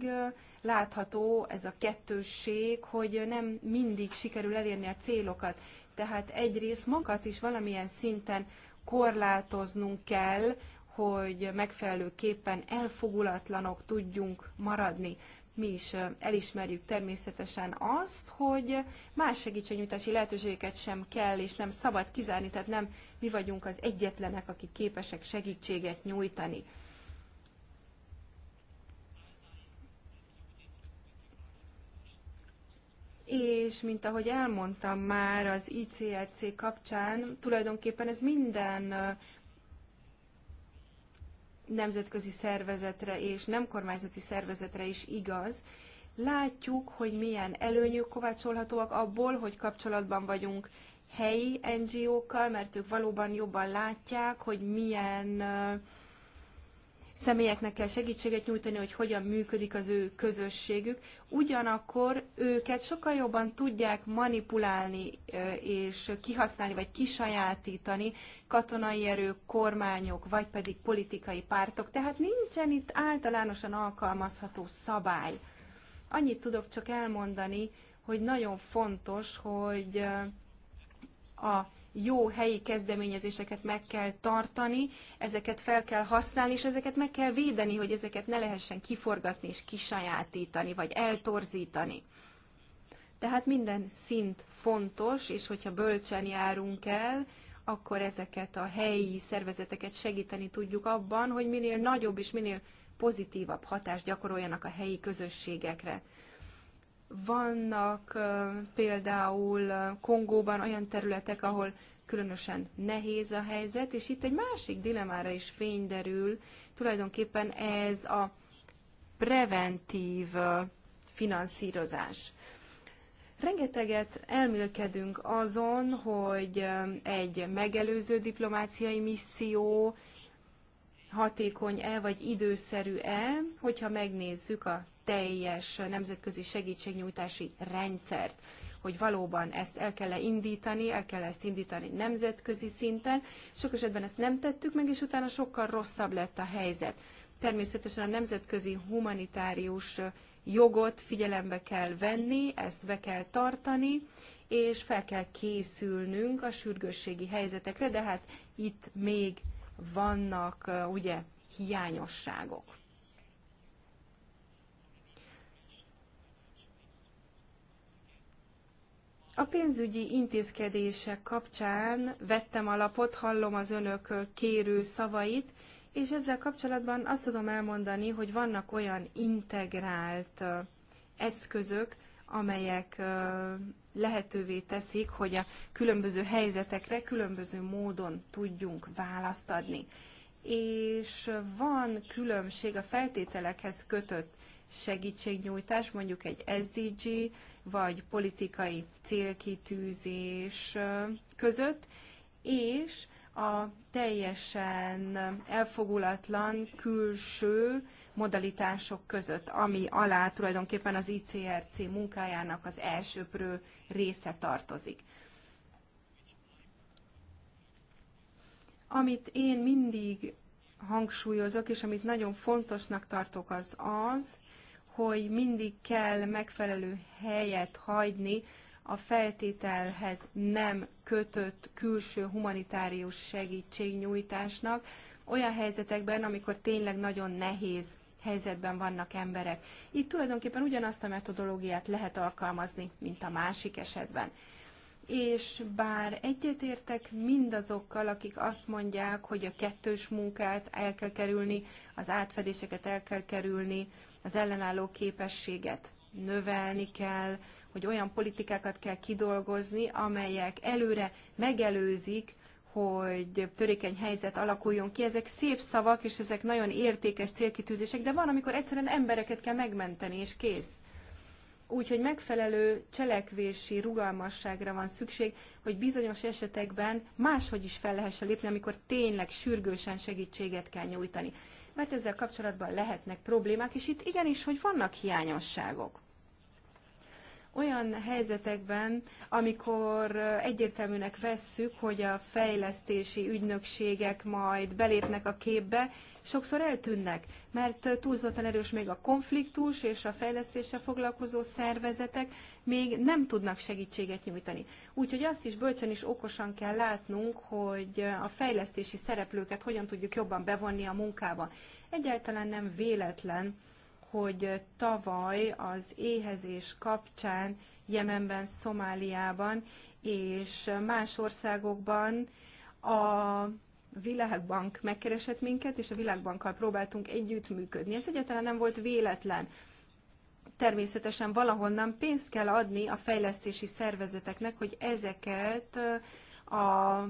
látható ez a kettősség, hogy nem mindig sikerül elérni a célokat. Tehát egyrészt magat is valamilyen szinten korlátoznunk kell, hogy megfelelőképpen elfogulatlanok tudjunk maradni. Mi is elismerjük természetesen azt, hogy más segítségnyújtási lehetőségeket sem kell és nem szabad kizárni, tehát nem mi vagyunk az egyetlenek, akik képesek segítséget nyújtani. és mint ahogy elmondtam már az ICLC kapcsán, tulajdonképpen ez minden nemzetközi szervezetre és nem kormányzati szervezetre is igaz. Látjuk, hogy milyen előnyök kovácsolhatóak abból, hogy kapcsolatban vagyunk helyi NGO-kkal, mert ők valóban jobban látják, hogy milyen uh, személyeknek kell segítséget nyújtani, hogy hogyan működik az ő közösségük, ugyanakkor őket sokkal jobban tudják manipulálni és kihasználni, vagy kisajátítani katonai erők, kormányok, vagy pedig politikai pártok. Tehát nincsen itt általánosan alkalmazható szabály. Annyit tudok csak elmondani, hogy nagyon fontos, hogy a jó helyi kezdeményezéseket meg kell tartani, ezeket fel kell használni, és ezeket meg kell védeni, hogy ezeket ne lehessen kiforgatni és kisajátítani, vagy eltorzítani. Tehát minden szint fontos, és hogyha bölcsen járunk el, akkor ezeket a helyi szervezeteket segíteni tudjuk abban, hogy minél nagyobb és minél pozitívabb hatást gyakoroljanak a helyi közösségekre. Vannak például Kongóban olyan területek, ahol különösen nehéz a helyzet, és itt egy másik dilemára is fény derül, tulajdonképpen ez a preventív finanszírozás. Rengeteget elmélkedünk azon, hogy egy megelőző diplomáciai misszió hatékony-e vagy időszerű-e, hogyha megnézzük a teljes nemzetközi segítségnyújtási rendszert hogy valóban ezt el kell -e indítani, el kell -e ezt indítani nemzetközi szinten. Sok esetben ezt nem tettük meg, és utána sokkal rosszabb lett a helyzet. Természetesen a nemzetközi humanitárius jogot figyelembe kell venni, ezt be kell tartani, és fel kell készülnünk a sürgősségi helyzetekre, de hát itt még vannak uh, ugye hiányosságok. A pénzügyi intézkedések kapcsán vettem alapot, hallom az önök kérő szavait, és ezzel kapcsolatban azt tudom elmondani, hogy vannak olyan integrált eszközök, amelyek lehetővé teszik, hogy a különböző helyzetekre különböző módon tudjunk választ adni. És van különbség a feltételekhez kötött segítségnyújtás, mondjuk egy SDG vagy politikai célkitűzés között, és a teljesen elfogulatlan külső modalitások között, ami alá tulajdonképpen az ICRC munkájának az elsőprő része tartozik. Amit én mindig hangsúlyozok, és amit nagyon fontosnak tartok, az az, hogy mindig kell megfelelő helyet hagyni a feltételhez nem kötött külső humanitárius segítségnyújtásnak, olyan helyzetekben, amikor tényleg nagyon nehéz helyzetben vannak emberek. Itt tulajdonképpen ugyanazt a metodológiát lehet alkalmazni, mint a másik esetben. És bár egyetértek mindazokkal, akik azt mondják, hogy a kettős munkát el kell kerülni, az átfedéseket el kell kerülni, az ellenálló képességet növelni kell, hogy olyan politikákat kell kidolgozni, amelyek előre megelőzik, hogy törékeny helyzet alakuljon ki. Ezek szép szavak, és ezek nagyon értékes célkitűzések, de van, amikor egyszerűen embereket kell megmenteni, és kész. Úgyhogy megfelelő cselekvési rugalmasságra van szükség, hogy bizonyos esetekben máshogy is fel lehessen lépni, amikor tényleg sürgősen segítséget kell nyújtani mert ezzel kapcsolatban lehetnek problémák, és itt igenis, hogy vannak hiányosságok olyan helyzetekben, amikor egyértelműnek vesszük, hogy a fejlesztési ügynökségek majd belépnek a képbe, sokszor eltűnnek, mert túlzottan erős még a konfliktus, és a fejlesztéssel foglalkozó szervezetek még nem tudnak segítséget nyújtani. Úgyhogy azt is bölcsen és okosan kell látnunk, hogy a fejlesztési szereplőket hogyan tudjuk jobban bevonni a munkába. Egyáltalán nem véletlen, hogy tavaly az éhezés kapcsán Jemenben, Szomáliában és más országokban a Világbank megkeresett minket, és a Világbankkal próbáltunk együttműködni. Ez egyáltalán nem volt véletlen. Természetesen valahonnan pénzt kell adni a fejlesztési szervezeteknek, hogy ezeket a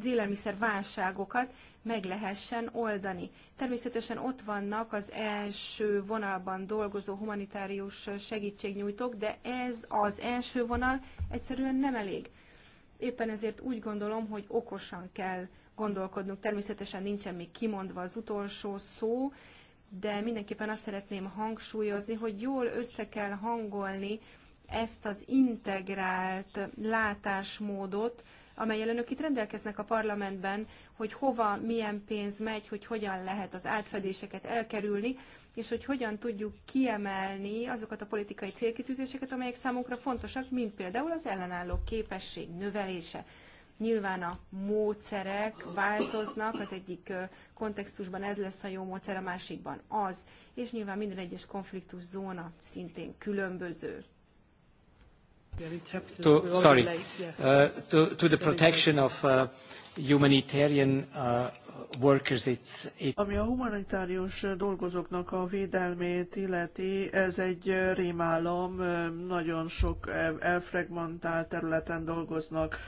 az élelmiszer válságokat meg lehessen oldani. Természetesen ott vannak az első vonalban dolgozó humanitárius segítségnyújtók, de ez az első vonal egyszerűen nem elég. Éppen ezért úgy gondolom, hogy okosan kell gondolkodnunk. Természetesen nincsen még kimondva az utolsó szó, de mindenképpen azt szeretném hangsúlyozni, hogy jól össze kell hangolni ezt az integrált látásmódot, amelyel önök itt rendelkeznek a parlamentben, hogy hova, milyen pénz megy, hogy hogyan lehet az átfedéseket elkerülni, és hogy hogyan tudjuk kiemelni azokat a politikai célkitűzéseket, amelyek számunkra fontosak, mint például az ellenálló képesség növelése. Nyilván a módszerek változnak, az egyik kontextusban ez lesz a jó módszer, a másikban az, és nyilván minden egyes konfliktus zóna szintén különböző. To, sorry, uh, to, to the protection of uh, humanitarian uh, workers, it's, it... Ami a humanitárius dolgozóknak a védelmét illeti, ez egy rémálom, nagyon sok e, elfragmentált területen dolgoznak,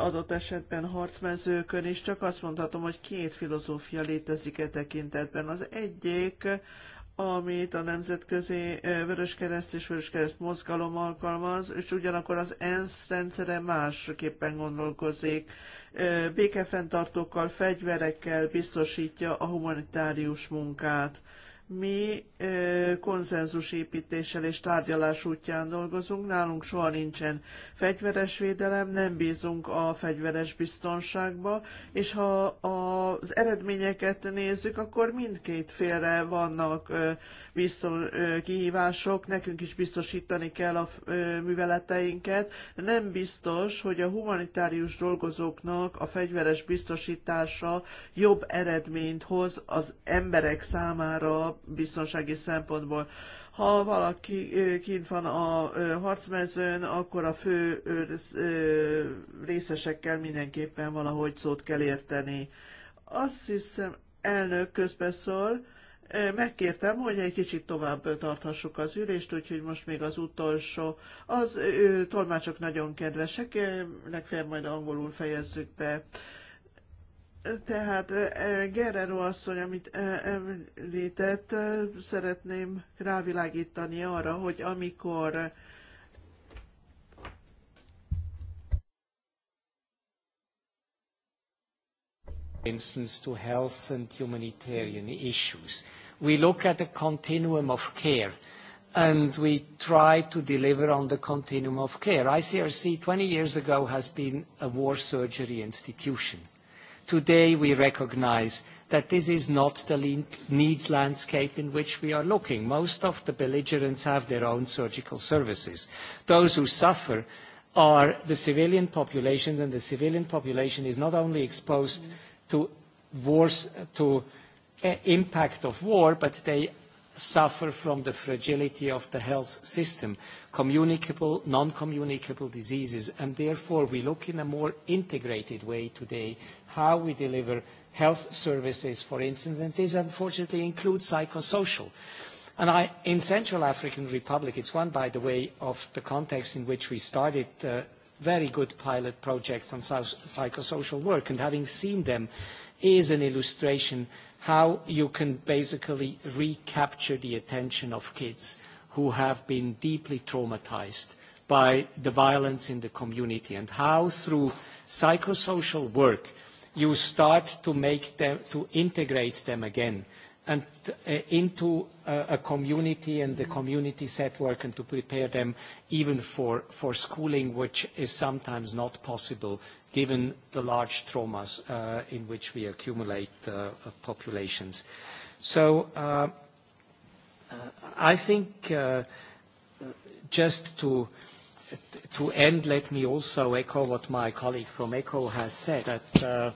adott esetben harcmezőkön, és csak azt mondhatom, hogy két filozófia létezik e tekintetben. Az egyik, amit a Nemzetközi Vöröskereszt és Vöröskereszt Mozgalom alkalmaz, és ugyanakkor az ENSZ rendszere másképpen gondolkozik. Békefenntartókkal, fegyverekkel biztosítja a humanitárius munkát. Mi konszenzusépítéssel és tárgyalás útján dolgozunk, nálunk soha nincsen fegyveres védelem, nem bízunk a fegyveres biztonságba, és ha az eredményeket nézzük, akkor mindkét félre vannak biztos kihívások, nekünk is biztosítani kell a műveleteinket. Nem biztos, hogy a humanitárius dolgozóknak a fegyveres biztosítása jobb eredményt hoz az emberek számára biztonsági szempontból ha valaki kint van a harcmezőn, akkor a fő részesekkel mindenképpen valahogy szót kell érteni. Azt hiszem, elnök közbeszól, Megkértem, hogy egy kicsit tovább tarthassuk az ülést, úgyhogy most még az utolsó. Az ő, tolmácsok nagyon kedvesek, legfeljebb majd angolul fejezzük be. Tehát Gerrero asszony, amit említett, szeretném rávilágítani arra, hogy amikor For instance, to health and humanitarian issues. We look at the continuum of care, and we try to deliver on the continuum of care. ICRC 20 years ago has been a war surgery institution. Today, we recognize that this is not the needs landscape in which we are looking. Most of the belligerents have their own surgical services. Those who suffer are the civilian populations, and the civilian population is not only exposed mm -hmm to wars, to eh, impact of war, but they suffer from the fragility of the health system, communicable, non-communicable diseases, and therefore we look in a more integrated way today how we deliver health services, for instance, and this unfortunately includes psychosocial. And I, in Central African Republic, it's one, by the way, of the context in which we started uh, very good pilot projects on psychosocial work, and having seen them is an illustration how you can basically recapture the attention of kids who have been deeply traumatized by the violence in the community, and how through psychosocial work you start to make them, to integrate them again and uh, into uh, a community and the community set work and to prepare them even for, for schooling, which is sometimes not possible given the large traumas uh, in which we accumulate uh, populations. So uh, I think uh, just to, to end, let me also echo what my colleague from ECHO has said, that uh,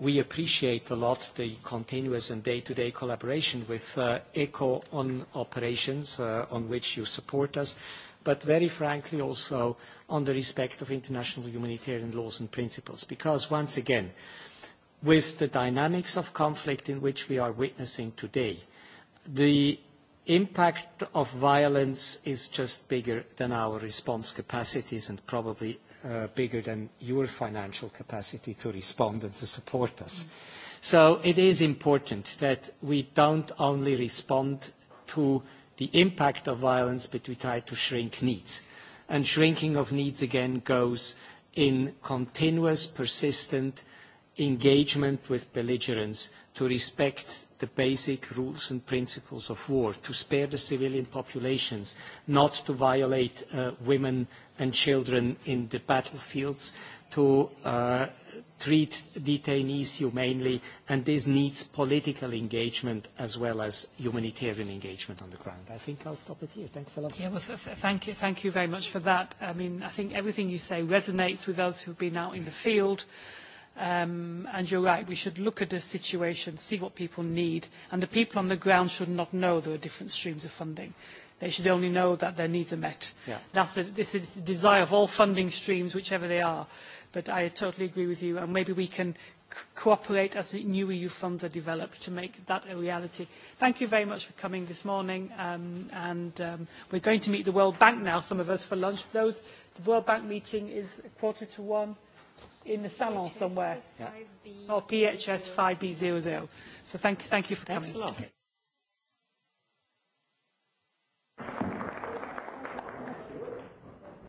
we appreciate a lot the continuous and day-to-day -day collaboration with uh, ECHO on operations uh, on which you support us, but very frankly also on the respect of international humanitarian laws and principles. Because once again, with the dynamics of conflict in which we are witnessing today, the impact of violence is just bigger than our response capacities and probably Uh, bigger than your financial capacity to respond and to support us. Mm-hmm. So it is important that we don't only respond to the impact of violence, but we try to shrink needs. And shrinking of needs again goes in continuous, persistent engagement with belligerents to respect the basic rules and principles of war, to spare the civilian populations, not to violate uh, women and children in the battlefields to uh, treat detainees humanely, and this needs political engagement as well as humanitarian engagement on the ground. I think I'll stop it here. Thanks a lot. Yeah, well, th th thank you, thank you very much for that. I mean, I think everything you say resonates with us who've been out in the field. Um, and you're right, we should look at the situation, see what people need, and the people on the ground should not know there are different streams of funding They should only know that their needs are met. Yeah. That's a, this is the desire of all funding streams, whichever they are. But I totally agree with you, and maybe we can cooperate as new EU funds are developed to make that a reality. Thank you very much for coming this morning. Um, and um, we're going to meet the World Bank now, some of us, for lunch. Those, the World Bank meeting is a quarter to one in the salon PHS somewhere. Yeah. Or PHS 5B00. So thank, thank you for Thanks coming. Thanks a lot.